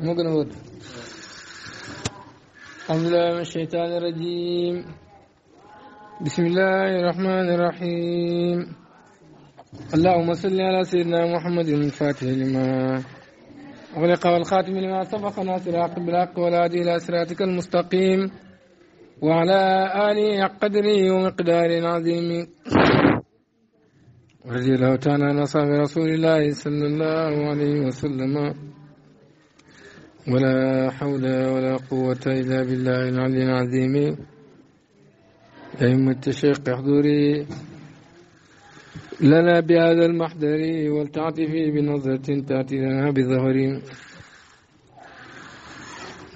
مقنود أعوذ بالله من الشيطان الرجيم بسم الله الرحمن الرحيم اللهم صل على سيدنا محمد الفاتح لما أغلق والخاتم لما سبق ناصر الحق بالحق والهادي إلى صراطك المستقيم وعلى آله قدره ومقدار عظيم رضي الله تعالى عن أصحاب رسول الله صلى الله عليه وسلم ولا حول ولا قوة إلا بالله العلي العظيم أئمة الشيخ حضوري لنا بهذا المحضر ولتعطف بنظرة تأتي لنا بظهر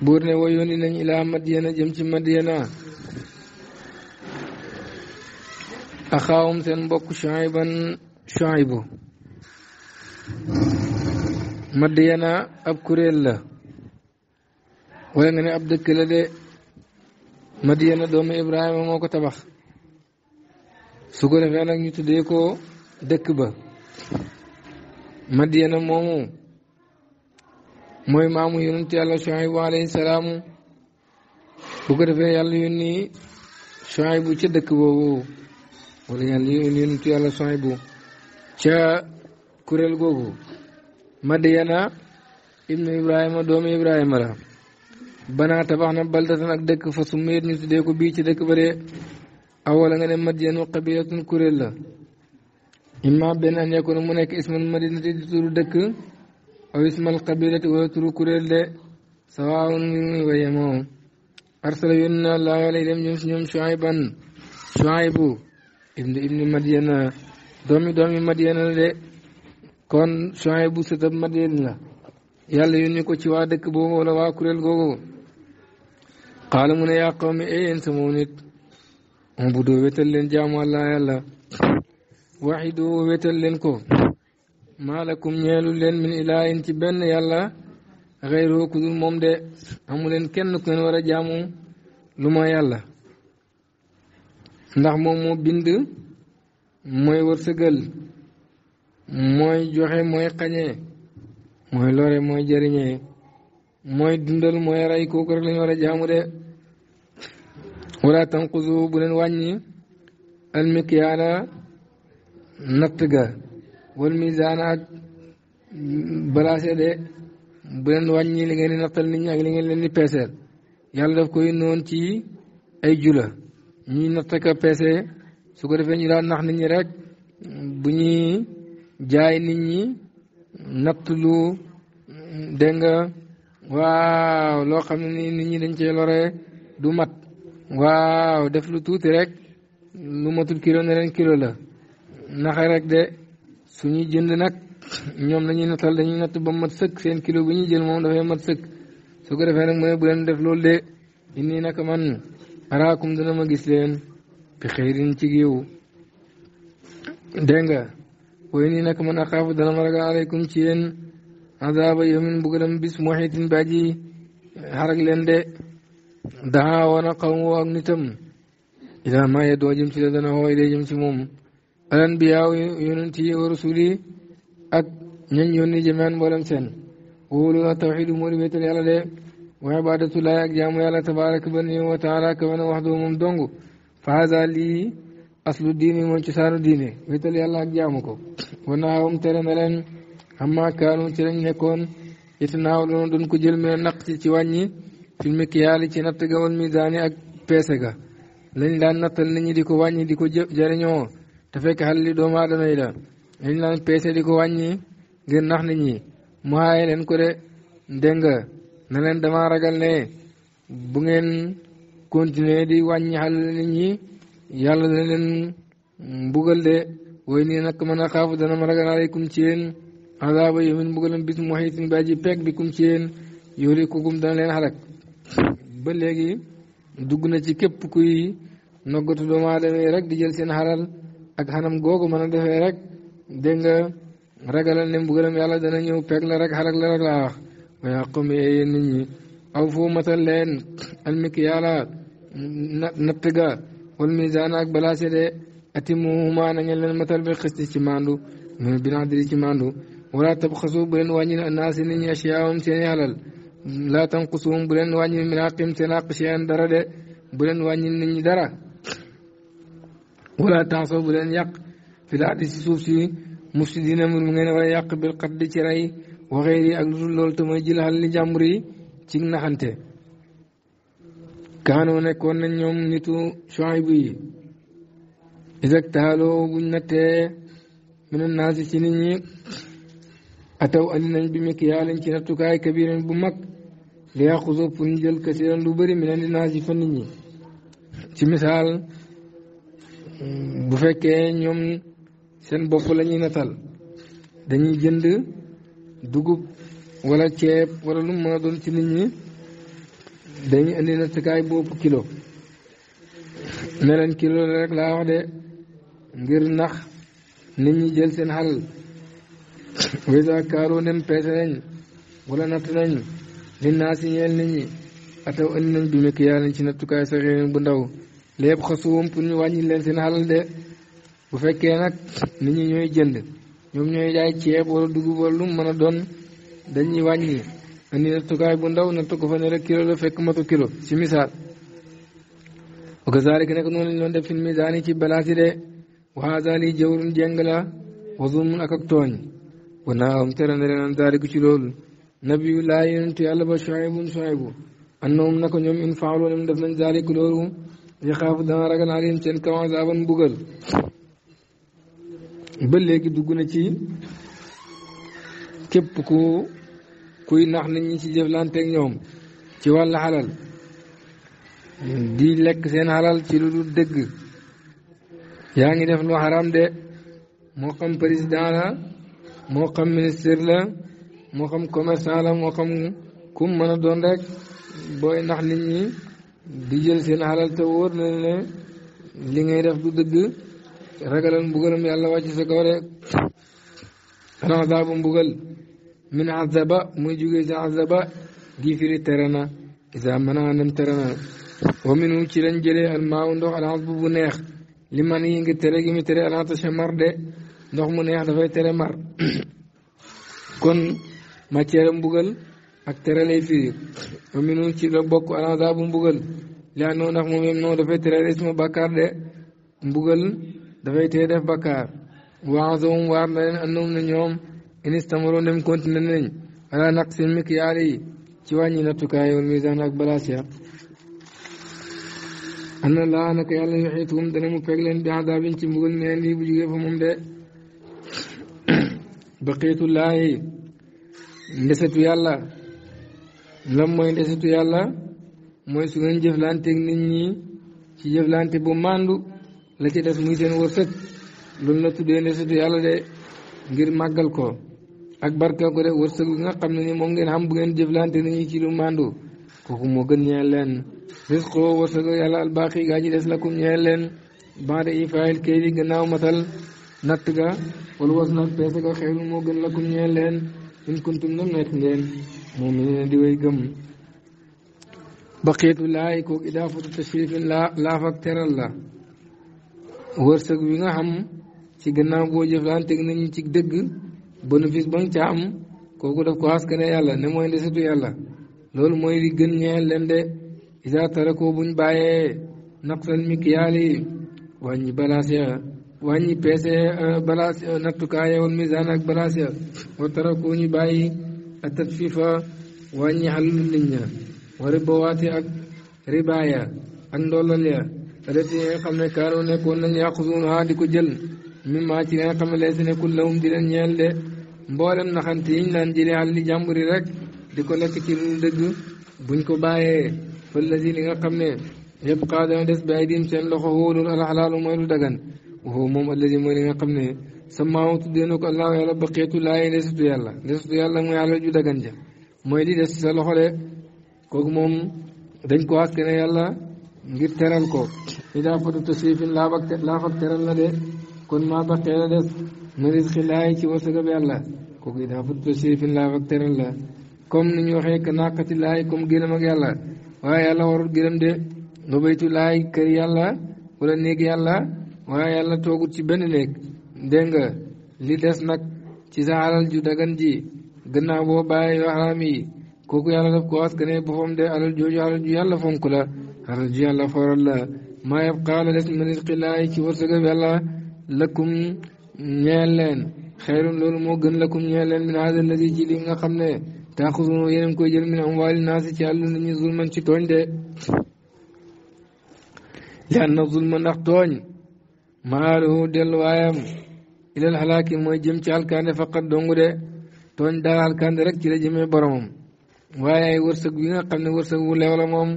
بورنا ويوننا إلى مدينة جمج مدينة أخاهم سنبك شعيبا شعيبه مدينة أبكر الله wala nga ne ab dëkk la de Madiyana doomu Ibrahima moo ko tabax su ko defee nag ñu tuddee ko dëkk ba Madiyana moomu mooy maamu yonent yàlla Shuayb alayhi salaamu bu ko defee yàlla yónni bu ca dëkk boobu wala yàlla yónni yonent yàlla Shuayb bu ca kuréel googu Madiyana ibnu Ibrahima doomu Ibrahima la banaa tabax na baldatan ak dëkk fa sumiyat ñu tuddee ko bii ci dëkk ba dee awala nga ne madiyanu qabilatun kuréel la imma benn an mu nekk ismal madinati di turu dëkk aw ismal qabilati wala turu kuréel de sawaawun ñu wa yemoo arsala yónni na laahu alayhim ñoom si ñoom Shuayban Shuaybu ibnu ibnu madiyana doomi doomi madiyana de kon Shuaybu sëtab madiyana la yàlla yónni ko ci waa dëkk boobu wala waa kuréel googu qaala mu ne yaa qawmi ay yéen sama nit ubudu wétal leen jaamu Allah yàlla waxidu wétal leen ko maalakum ñeelu leen min ilaahin ci benn yàlla xayru ku moom de amu leen kenn ku leen war a jaamu lu ma yàlla ndax moom moo bind mooy wërsëgal mooy joxe mooy xañee mooy lore mooy jëriñee mooy dundal mooy rey kooku rek la ñu a jaamu de wala tanqusu bu leen wàññi almiqyaana natt ga wal misaana ak balaase de bu leen wàññi li ngeen di nattal nit ñi ak li ngeen leen di peeseel yàlla daf koy noon ci ay jula ñuy natt ka su ko defee ñu daan nax nit ñi rek bu ñuy jaay nit ñi natt lu dégg nga waaw loo xam ne nii nit ñi dañ cee lore du mat waaw def lu tuuti rek lu matul kilo ne leen kilo la naxa rek de suñuy jënd nag ñoom dañuy nattal dañuy natt ba mat sëkk seen kilo bu ñu jël moom dafay mat sëkk su ko defee nag mooy bu leen def loolu de nii naka man araakum dana ma gis leen bi xëyrin ci giw dégg nga waaye nii nag man a xaafu dana ma ragal aleykum ci yéen adaaba yawmin mbugalam bis muhitin bi aji xarak leen de daa woon a xaw ma ak nitam ilaa maa yeddoo jëm ci la dana woo ilee jëm ci moom al anbiyaaw yonent yi wa rasul yi ak ñañ yónni jëmeen mboolem seen wóolu na tawxidu moo di wéetal yàlla de wa ibaadatullahi ak jaamu yàlla tabaraka wa taala ka wana wax doo moom dong fa haza lii aslu diini mooy cosaanu diine wéetal yàlla ak jaamu ko wa naawam tere na leen amma kaanu ci lañ nekkoon it naaw loolu doon ko jël mën a ci wàññi wàññi fil mikiyaali ci natt ga wal misaani ak peese ga lañ daan nattal nit ñi di ko wàññi di ko jëriñoo te fekk xal doomu aadama yi la lañ daan peese di ko wàññi ngir nax nit ñi mu aaye leen ko de dégg nga na leen dama ragal ne bu ngeen continuer di wàññi xal nit ñi yàlla na leen mbugal de woy nii nag mën a xaafu dana ma ragal aleykum ci yéen azaaba yomin mbugalam bis muhitin baaji peeg bi kum ci yéen yóori kukum dana leen xalak ba dugg na ci képp kuy noggatu doomu aadama rek di jël seen xaral ak xanam googu mën a defee rek dégg nga ragalal ne mbugalam yàlla dana ñëw la rek xalak la rek laa wax ñi aw foo matal leen almiki yàlla natt ga wal misaan ak balaase de atimuhuma na ngeen leen matal bi xësti ci mandu binaadiri ci mandu wala tabxasu bu leen wàññil annaasi nit ñi asiyaawam seen i laa tanqusuum bu leen wàññil min aqim seen àq shay'an dara de bu leen wàññil nit ñi dara wala tansaw bu leen yàq fi di si suuf si mufsidiina mu ngeen war yàq bil qatli ci rey wa xeyri ak lu dul loolu te mooy jël xalali jàmbur yi ci naxante kaanoo nekkoon nañ ñoom nitu Shuayb yi isak taaloo buñ nattee min annaasi ci nit ñi ataw andi nañ bi mikyaalin ci nattukaay kabirin bu mag li yaxuso pour ñu jël kasiran lu bari mi ne dinaa ci fa nit ñi ci misaal bu fekkee ñoom seen bopp lañuy nattal dañuy jënd dugub wala ceeb wala lu mu mën doon ci nit ñi dañuy indi nattukaay boobu kilo ne leen kilo la rek laa wax de ngir nax nit ñi jël seen xalal wisa kaaroo nem peese wala natt nañ li naa si ñeel nit ñi ataw andi nañ bi mekk ci nattukaay saxee bu ndaw lépp xasuwum pour ñu wàññi leen seen xalal de bu fekkee nag nit ñi ñooy jënd ñoom ñooy jaay ceeb wala dugub lu mën a doon dañuy wàññi andi nattukaay bu ndaw natt ko fa ne rek kilo la fekk matu kilo si misaal wa kazaalika nekk noonu lañ doon def fi misaani ci balaasi de wa haazaa lii jeng la wa zulmun ak ak tooñ wanaa am tere na leen an ci loolu nabiyu laa yonentu yàlla ba Shuaybun Shuaybu annahum na ko ñoom in faalu lim def nañ daaliku loolu yaxaafu dana ragal alim seen kaw azaaban mbugal ba léegi dugg na ci képp ku kuy nax nit ñi ci jëflanteeg ñoom ci wàllu xalal di lekk seen xalal ci lu dul yaa ngi def lu xaram de moo xam président la moo xam ministère la moo xam commerçant la moo xam ku mu mën a doon rek booy nax nit ñi jël seen alal te wóor na ne li ngay def du dëgg ragalal mbugalam yàlla wàcc sa kaw rek xanaa azaabu mbugal min azaba muy jugee si azaba di firi tere na isa mën a andam tere na wa minu ci lañ jëlee almaaw ndox alxas bu de ndox mu neex dafay tere mar kon matière mbugal ak tere lay firi aminu ci la bokk alanga bu mbugal lia noo ndax moom yem dafay tere rek suma bàkkaar de mbugal dafay tee def bàkkaar waazowum waar na leen andoom na ñoom inis tamaroo dem continué nañ ala naq seen mikiyaar yi ci wàññi nattukaay misaan ak balaas ya ana laa naka yàlla yuxiitukum dana mu peg leen bi adaabin ci mbugal meen lii bu jugee fa moom de baqiyatullaahi ndesetu yàlla lan mooy ndesetu yàlla mooy su ngeen jëflanteeg nit ñi ci jëflante bu màndu la ci des muy seen wërsëg loolu la tuddee ndesetu yàlla de ngir màggal ko ak barka ko de wërsëg bi nga xam ne ni moom ngeen xam bu ngeen jëflante nit ñi ci lu màndu kooku moo gën ñeel leen risqoo wërsëg yàlla albaaxi gaa des la kum ñeel leen baada ifaayil kaydi gannaaw matal natt ga wala was nag peese ga xeeru moo gën lakum ñeel leen in kuntum na nekk ngeen moom mi ne di gëm baqiyatu laay kooku idaafatu tashrifin laa laaf ak teral la wërsëg wi nga xam ci gannaaw boo jëflanteeg nañu ci dëgg bénéfice ba nga ca am kooku daf ko askane yàlla ne mooy ndesetu yàlla loolu mooy li gën ñeel leen de isa tara ko buñ bàyyee naqsal mikyaali wàññi balaas ya wàññi peese euh, balaas euh, nattukaay wal misaan ak balaas ya wa taraku ñu bàyyi a tatfifa wàññi xalul nit ña wa ak ribaaya ak ndollal ya alati nga xam ne kaanoo nekkoon nañ yàqusuuna di ko jël mi maa ci nga xam ne lee si nekkul di leen ñeel mboolem naxante yiñ naan jëlee xal li yi rek di ko lekk ci lu dëgg buñ ko bàyyee fële si li nga xam ne yëpp xaa dana des bàyyi diim seen loxo wóolul alxalaalu mooy lu dagan waxoo moom alladi mooy li nga xam ne samaaw tuddee na ko allahu yàlla baqeetu laay desutu yàlla desutu yàlla mooy yàlla ju dagan ja mooy di des sa loxo de ko moom dañ ko àkk ne yàlla ngir teral ko idaafatu tasrifin laafak teral na de kon maa baqee la des na risqi ci wasagab yàlla kooku idaafatu tasrifin laafak teral la comme ni ñu waxee ka naqati laay comme gërëm ak yàlla waaye yàlla warul de nga baytu laay kër yàlla wala néeg yàlla waaye yàlla toogut ci benn néeg nga li des nag ci sa alal ju dagan ji gannaaw boo bàyyee yoo xaraam yi kooku yàlla daf ko askane boppam de alal jooju alal ju yàlla fonk la alal ju yàlla foral la maa yab xaala des nit xilaay ci wërsëgab yàlla lëkkum ñeel leen xeyrun loolu moo gën lëkkum ñeel leen min haada alladi ci li nga xam ne taaxusuno yéen koy jël min amwaali naasi ci àllu nit ñi zulman ci tooñ de li anna zulma ndax tooñ maaluhu delluwaayam ilal xalaaki mooy jëm ci alkande faqat dongu de tooñ daa alkande rek ci la jëmee boromam waaye ay wërsëg yi nga xam ne wërsëg wu leew moom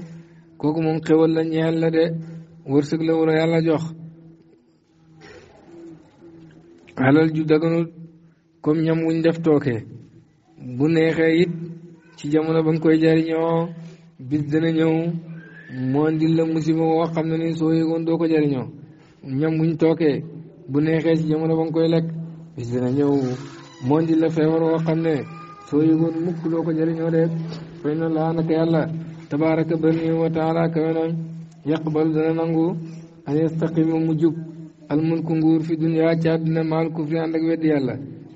kooku moom xewal la ñeel de wërsëg la wala yàlla jox alal ju daganut comme ñam wuñ def tooke bu neexee it ci jamono ba nga koy jariñoo bis dana ñëw moo ndil la musiba woo xam ne ni soo yëgoon doo ko jariñoo ñoom bu ñu tookee bu neexee ci jamono ba nga koy lekk bis dina ñëw moon di la feebar woo xam ne soo yëgoon mukk loo ko jëriñoo de fay na laa naka yàlla tabaaraka bari wa taala kawe na yaqbal dana nangu an yastaqima mu jub nguur fi duniyaa ci maal kufri ànd weddi yàlla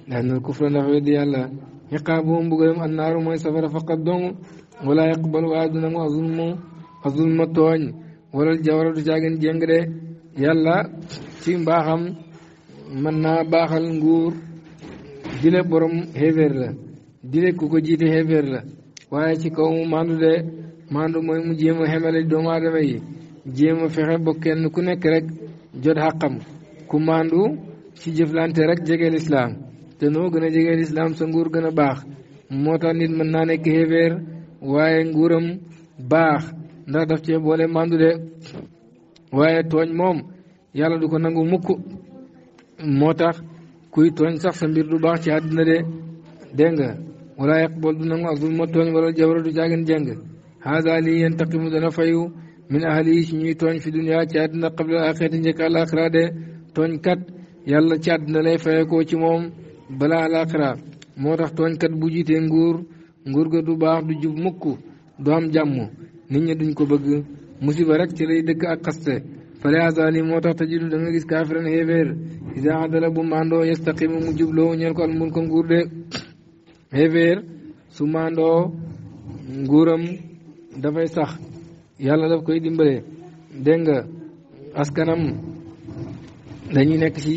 daa nal kufra ndax safara faqat dong wala yaqbal waaye azulmu azulma tooñ wala caagin jeng de yàlla ci mbaaxam mën naa baaxal nguur dile borom xéeféer la dile ku ko jiite xéeféer la waaye ci kaw mu mandu de mandu mooy jéem a xemale doomu aadama yi jéem a fexe ba kenn ku nekk rek jot xàqam ku mandu ci jëflante rek jege lislaam te noo gën a jege lislaam sa nguur gën a baax moo tax nit mën naa nekk xéeféer waaye nguuram baax ndax daf cee boole mandu de waaye tooñ moom yàlla du ko nangu mukk moo tax kuy tooñ sax sa mbir du baax ci àddina de dégg nga wala yaqbal du nangu ak dul ma tooñ wala jabara du jaagin jàng haada lii yantaqimu dana fayu min ahli si ñuy tooñ fi dunya ci àddina qabla alaxirati njëkk alaxira de tooñ kat yàlla ci àddina lay fayekoo ci moom balaa alaxira moo tax tooñ kat bu jiitee nguur nguur ga du baax du jub mukk du am jàmm nit ñi duñ ko bëgg musiba rek ci lay dëkk ak xaste faliasa lii moo tax tajidu da gis kaafiran xéeféer isa adala bu mandoo yastaqimu mu jubloo ñeel ko almun ko nguur de xéeféer su mandoo nguuram dafay sax yàlla daf koy dimbale dégg nga askanam dañuy nekk ci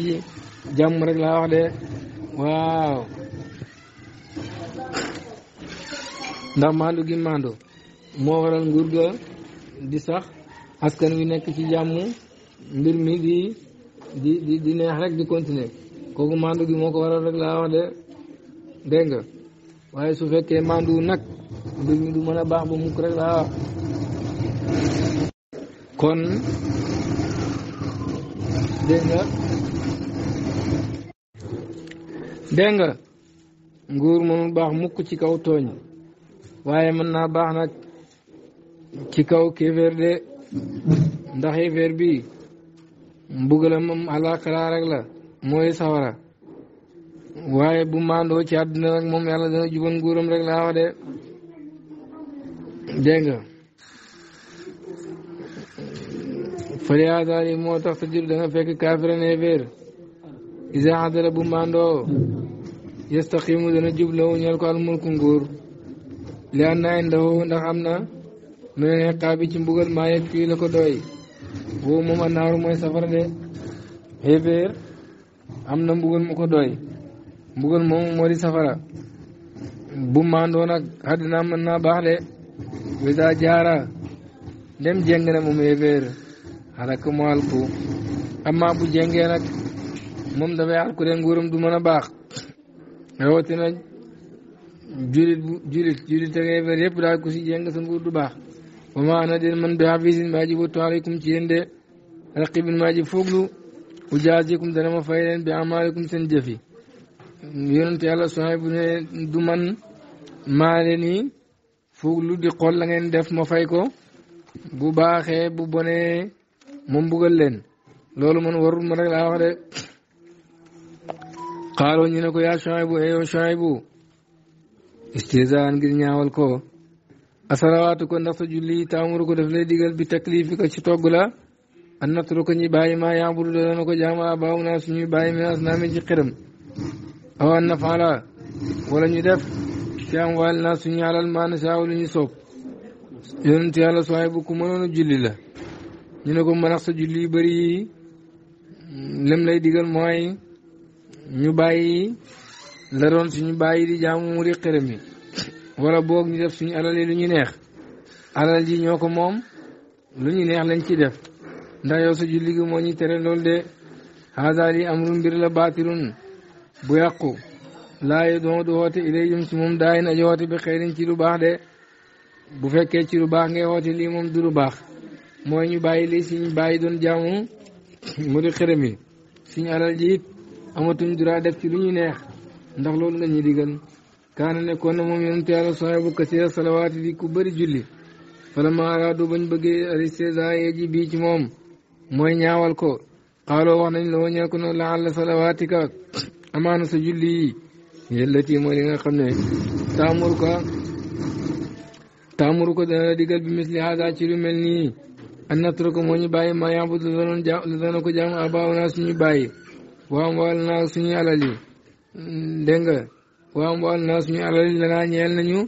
jàmm rek laa wax de waaw ndax mandu gi mando moo waral nguur ga di sax askan wi nekk ci jàmm mbir mi di di neex rek di continuer kooku mandu gi moo ko waral rek laa wax de dégg nga waaye su fekkee mandu nag mbir mi du mën a baax ba mukk rek laa wax kon dégg nga nguur mënul baax mukk ci kaw tooñ waaye mën naa baax nag ci kaw kéeféer de ndax yéeféer bi mbugalam alaaxira rek la mooy sawara waaye bu maandoo ci àddina rek moom yàlla dana jubal nguuram rek laa wax de dégg nga faliagar yi moo tax tajur da nga fekk kaafira ne féer isa bu maandoo yastaqimu dana jub lawu ñel ko almulku nguur li an ndax am na mu ne leen xaar bi ci mbugal maa yegg fii la ko doy boobu moom anaaru mooy safara de xéeféer am na mbugal mu ko doy mbugal moomu moo safara bu maandoo nag àddina mën naa baax de wisa jaara dem jeng na moom xéeféer xalak mu alku amaa bu jengee moom dafay alku de nguuram du mën a baax rawatina julit bu julit julit ak xéeféer yëpp daal ku jeng sa nguur du baax woma anaɗen man be hafisin maji wattu alaykum ciyende alkiɓin maji foglu ujasikum danama fayiren be amalikum sen jeefi yonante allah sohaybune duman maale ni foglu di qolla gen def mo fay ko bu baaxe bu bone mo mbugal len loolu man warul ma rek la wax de qaalo ñine ko ya sohaybu eyo sohaybu istisan ngir ñawal ko asalawaatu ko ndax sa julli taamuru ko daf lay digal bi taklifi ko ci togg la an natru ko ñi bàyyi maa yaabudu dana ko jaama baaw naa suñuy bàyyi mi ñu def ci am waal naa suñu alal maa na saaw lu ñu soob yonent yàlla sooy bu ku mënoon a julli la ñu ne ko manax sa julli yu lem lay digal mooy ñu bàyyi la doon suñu bàyyi di jaamu i xiram yi wala boog ñu def suñu alal yi lu ñu neex alal ji ñoo ko moom lu ñu neex lañ ci def ndax yow sa julli gi moo ñu tere loolu de haasa yi amrun mbir la baatirun bu yàqu laa yi doon du woote ilay jëm si moom daayin aji woote bi xëyrin ci lu baax de bu fekkee ci lu baax ngay woote lii moom du baax mooy ñu bàyyi lii suñ bàyyi doon jaamu mu di xërëm yi suñu alal ji amatuñ dura def ci lu ñu neex ndax loolu nga ñuy digal kaana nekkoon na moom yonent yàlla sohibu kasira salawaati di ku bëri julli falamma araadu bañ bëggee alistisa yeeji bii ci moom mooy ñaawal ko wax nañ la woo ñeel ko noonu la àll salawaatika amaana julli yi yellati mooy li nga xam ne taamur ko ko dana digal bi misli haada ci lu mel nii an natru ko moo ñu bàyyi ma yaabudu lu doon jaam abaaw naa suñu bàyyi waaw wal naa suñu waaw waal naa suñu alal yi lanaa ñeel nañu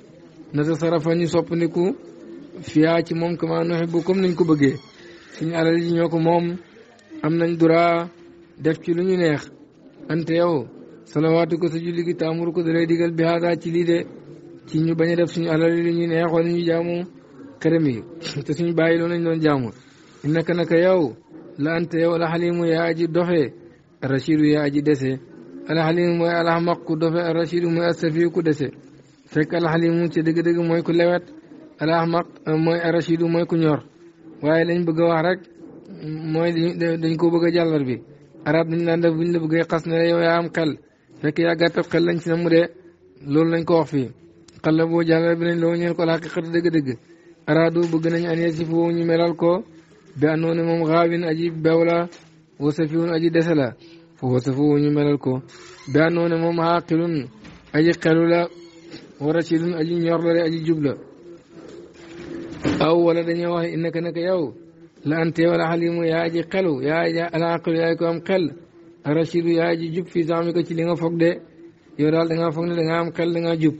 nata sarafa ñu soppandiku fiyaa ci moom kama nuhibbu comme nañ ko bëggee suñu alal yi ñoo ko moom am nañ dura def ci lu ñu neex ante yow salawaatu ko sa julli gi taamuru ko dalay digal bi hada ci lii de ñu bañ a def suñu alal yi lu ñu neex wala ñu jaamu këram yi suñu bàyyi loolu lañ doon jaamu naka naka yow la ante yow la xalimu yaa aji doxe rashidu yaa aji dese alxalimu mooy alxamaq ku dofe arrachidu mooy asafi ku dese fekk alxalimu ci dëgg-dëgg mooy ku lewet alxamaq euh, mooy arrachidu mooy ku ñor waaye lañ bëgg a wax rek mooy dañ ko bëgg a jàllar bi arab dañ naan def buñ la bëggee xas ne yow yaa am xel fekk yaa gàttal xel lañ ci na mu dee loolu lañ ko wax fii xel la boo jàllar bi nañ loo ñeen ko alxaqiqatu dëgg-dëgg araadu bëgg nañ an si foofu ñu melal ko bi anoone moom xaawin aji bew la wa safiwun aji dese wasafuhu ñu melal ko daanoo ne moom xaaqilun aji xelu la wa rashidun aji ñor la de aji jub la aw wala dañoo wax innaka naka yow la ante wala xalimu yaa aji xelu yaa alaqilu yaay ko am xel rashidu yaa aji jub fii zamika ci li nga foog de yow daal da ngaa ne da am xel danga jub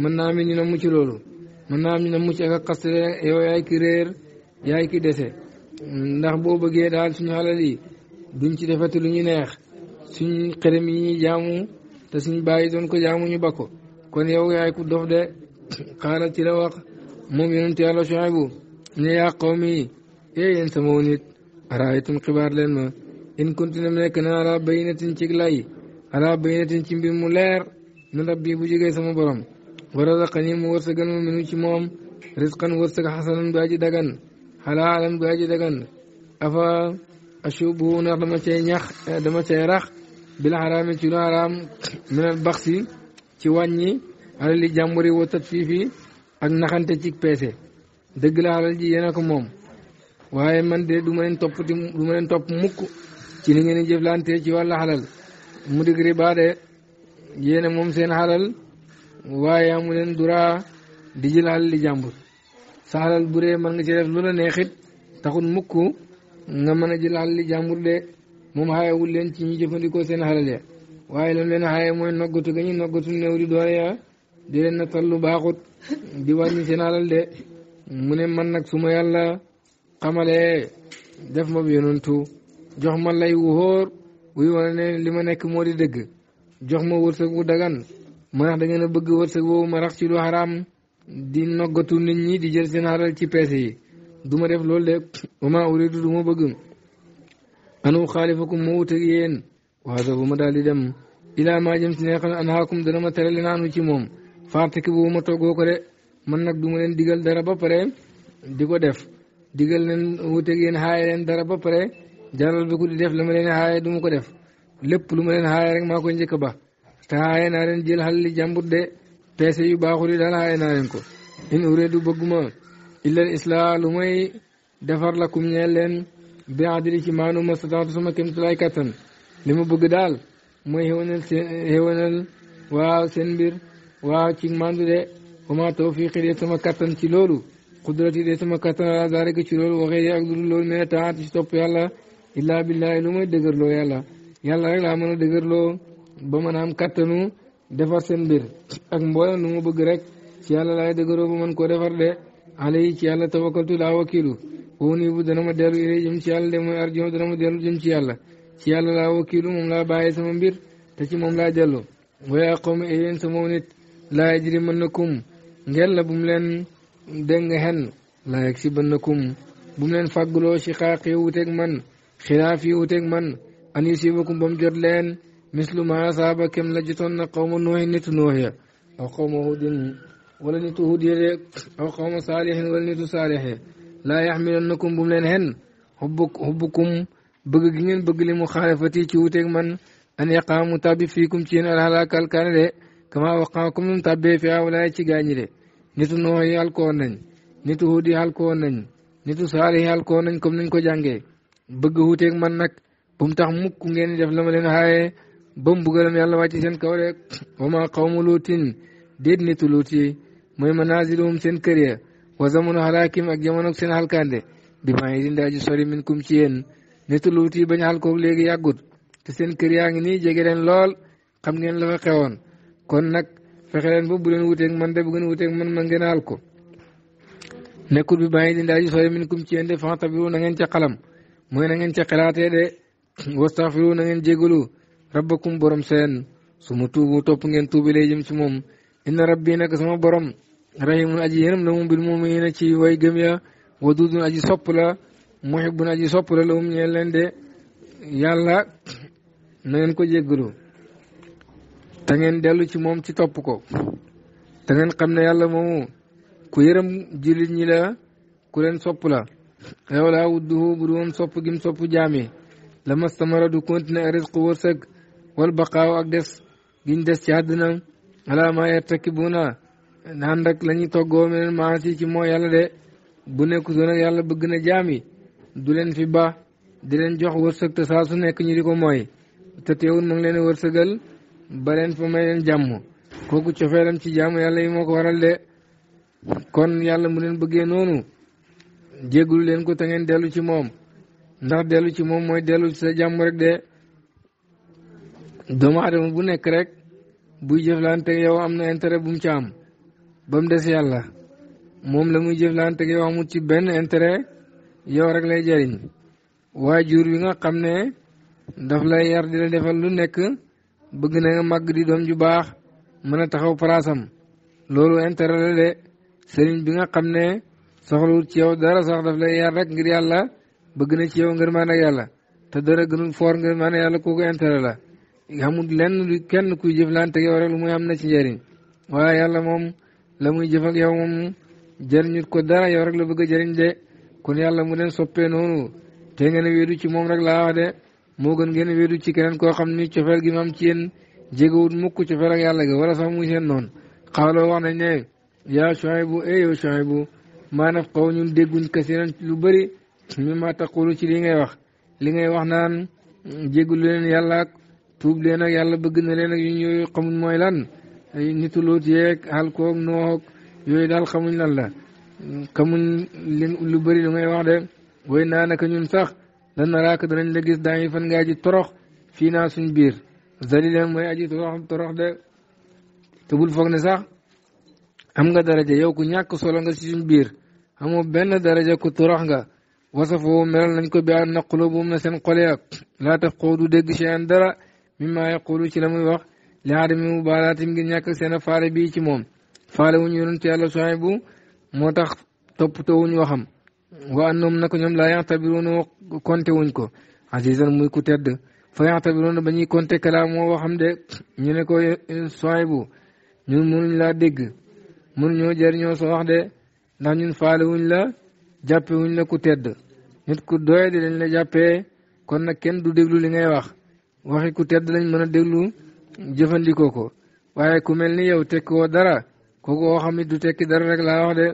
mën naam am ñu ne mucc loolu mën naa am ñu mucc ak a xaste yow yaay ki réer yaay ki dese ndax boo bëggee daal suñu xalal yi duñ ci neex suñ xërëm yi jaamu te suñ bàyyi doon ko jaamu ñu bakko kon yow yaay ku dof de xaaral ci la wax moom yonent yàlla Shuaybu ne yaa qawmi ee yéen sama a araaytum xibaar leen ma in kuntum nekk na ala baynatin ci lay ala baynatin ci mbir mu leer min rabbi bu jógee sama borom wa razaqani mu wërsëgal ma minu ci moom risqan wërsëg xasanan bu aji dagan xalaalan bu aji dagan afa ashubu ndax dama cay ñax bil xaraami ci lu xaraam minal baxsi ci wàññi alali jàmbur yi wa tatfiifi ak naxante ci peese dëgg la alal ji yéen a ko moom waaye man de du ma leen topp du ma leen topp mukk ci ni ngeen di jëflante ci wàllu xalal mu dig riba de yéen moom seen xalal waaye amu leen dura di jël alali jàmbur sa xalal bu dee mën nga ci def lu la neexit taxul mukk nga mën a jël alali jàmbur de. moom xaayewul leen ci ñi jëfandikoo seen xalal ya waaye lam leen xaaye mooy noggatu ga ñu noggatu néew di doole ya di leen na tallu baaxut di wàññi seen xalal de mu ne man nag su yàlla xamalee def ma yonantu jox ma lay wu hóor li ma nekk moo di dëgg jox ma wërsëg wu dagan ma nax da ngeen a bëgg wërsëg woowu ma rax ci lu xaraam di noggatu nit ñii di jël seen xalal ci peese yi du ma def loolu de wa maa uridu du ma bëgg anu xaalifakum ma wut ak yéen waasafu ma daal di dem ilaa maa jëm si ne xam ne anhaakum dana ma tere li naanu ci moom faartaki boobu ma toggoo ko de man nag du ma leen digal dara ba pare di ko def digal leen wut ak yéen xaaye leen dara ba pare jaral bi ko di def la ma leen xaaye du ko def lépp lu ma leen xaaye rek maa koy njëkk ba te xaaye naa leen jël xal li jàmbur de peese yu baaxul yi daal xaaye naa leen ko in ureedu bëgguma illal islaa lu defar la kum bi adili ci maanaam ma sataatu sama kéemtulaay kattan li ma bëgg daal mooy xéwanal seen waa waaw seen mbir waaw ci mandu de wama tawfiqi de sama kattan ci loolu qudrati de sama kattan ala zalika ci loolu waxee ak lu loolu mene taat ci topp yàlla illa billahi lu may dëgërloo yàlla yàlla rek laa ba mën a am kattanu defar seen mbir ak mboolem lu ma bëgg rek ci yàlla laay dëgëroo ba mën koo defar de alay ci yàlla كوني بدنا ما دلوا إلي جم شال دم أرجو بدنا ما دلوا جم شال شال لا هو كيلو مملا باي سمبير تشي مملا دلوا ويا قوم إيرين سمونت لا يجري منكم جل بملن دنغ هن لا يكسي بنكم بملن فقلو شقاقي وتك من خلافي وتك من أن يسيبكم بمجر لين مثل ما أصابكم لجتن قوم نوح نت نوح أو قوم هود ولا نت هود أو قوم صالح ولا نت laa yaxmilannakum bu mu leen xen xubbu bëgg gi ngeen bëgg li mu xaalifati ci wuteeg man an yaqaa mu tabbi fiikum ci yéen alxalaak alkaane de kama waqaa comme nu mu tabbee fi awlaay ci gaañi de nitu noox yi alkoon nañ nitu hud yi alkoon nañ nitu saalih yi alkoon nañ nañ ko jàngee bëgg wuteeg man nag bu mu tax mukk ngeen def la ma leen xaaye ba mu bugalam yàlla wàcc seen kaw rek wa ma qawmu luutin déet nitu luut yi mooy manaaziluhum seen kër ya wa zamanu halaakim ak jamonoog seen halkande bi maa ngi leen di sori min kum ci yéen nit luut yi bañ a halkoog léegi yàggut te seen kër yaa ngi nii jege leen lool xam ngeen la fa xewoon kon nag fexe leen ba bu leen wuteeg man de bu ngeen wuteeg man man ngeen hal ko nekkul bi maa ngi leen di sori min kum ci yéen de fantabiru na ngeen ca xalam mooy na geen ca xalaatee de wastaxfiru na ngeen jégalu rabbakum borom seen su ma tuubu topp ngeen tuubi lay jëm ci moom inna rabbi nag sama borom. rahimun aji yërëm la moom bil ci way gëm ya wadudun aji sopp la muhibbun aji sopp la la moom leen de yàlla na ngeen ko jéggalu te ngeen dellu ci moom ci topp ko te ngeen xam ne yàlla moomu ku yërëm jullit ñi la ku leen sopp la yow laa wudduhu bu doon sopp gim sopp jaami la mastamara du continuer risque wërsëg wal baqaaw ak des des ci àddina ala ma yartakibuna naan rek lañuy ñuy toggoo meneen maas yi ci moo yàlla de bu nekkutoon ak yàlla bëgg na jaam yi du leen fi ba di leen jox wërsëg te saa su nekk ñi di ko mooy te teewul mu ngi leen wërsëgal ba leen fa may leen jàmm kooku cofeelam ci jàmm yàlla yi moo ko waral de kon yàlla mu leen bëggee noonu jéggulu leen ko te ngeen dellu ci moom ndax dellu ci moom mooy dellu ci sa jàmm rek de doomu adama bu nekk rek buy jëflante yow am na intérêt bu mu ci am ba mu des yàlla moom la muy jëflante ak yow amul ci benn intérêt yow rek lay jëriñ jur wi nga xam ne daf lay yar di la defal lu nekk bëgg na nga màgg di doom ju baax mën a taxaw palaasam loolu intérêt la de sëriñ bi nga xam ne soxlawul ci yow dara sax daf lay yar rek ngir yàlla bëgg na ci yow ngërmaan ak yàlla te dara gënul foor ngërmaan ak yàlla kooku intérêt la amul lenn lu kenn kuy jëflante ak yow rek lu muy am na ci njëriñ waaye yàlla moom. la muy jëf ak yow moom jëriñut ko dara yow rek la bëgg a jëriñ de kon yàlla mu leen soppee noonu te ngeen ci moom rek laa wax de moo gën ngeen wéedu ci keneen koo xam ni cofeel gi mu am ci yéen jégewut mukk cofeel ak yàlla gi wala sax muy noon noonu xaaloo wax nañ ne yaa Shuaybu e yow bu maa naf xaw ñun dégguñ kasiran lu bari mi ma taqulu ci li ngay wax li ngay wax naan jéggalu leen yàlla ak tuub leen ak yàlla bëgg na leen ak yu ñu mooy lan nitu luut yeeg alkoog nooog yooyu daal xamuñ lan la xamuñ lu bëri lu ngay wax de woy naa naka ñun sax lan naraaka danañ la gis daañu fan ngaa ji torox fii naa suñ biir zalilan mooy aji torox torox de te foog ne sax am nga daraja yow ku ñàkk solo nga si biir amoo benn daraja ku torox nga wasafoo melal nañ ko bi an naquloo na seen xole ak laa taf xoo du dégg cheen dara mimma yaqulu ci la muy wax li aadami mu baalaati ngir ñàkk seen faale bii ci moom faale wuñu yonent yàlla Suhaybu moo tax toppatoo wuñ waxam wa annoom nako ñoom laa yaxtabiruuna konte wuñ ko azizan muy ku tedd fa yaxtabiruuna ba ñuy konte kalaam moo waxam de ñu ne ko Suhaybu ñun mënuñ laa dégg mënuñoo jëriñoo sa wax de ndax ñun wuñ la jàppe wuñ la ku tedd nit ku doye di lañ la jàppee kon nag kenn du déglu li ngay wax waxi ku tedd lañ mën a déglu jëfandikoo ko waaye ku mel ni yow tekki woo dara kooku woo xam ne du tekki dara rek laa wax de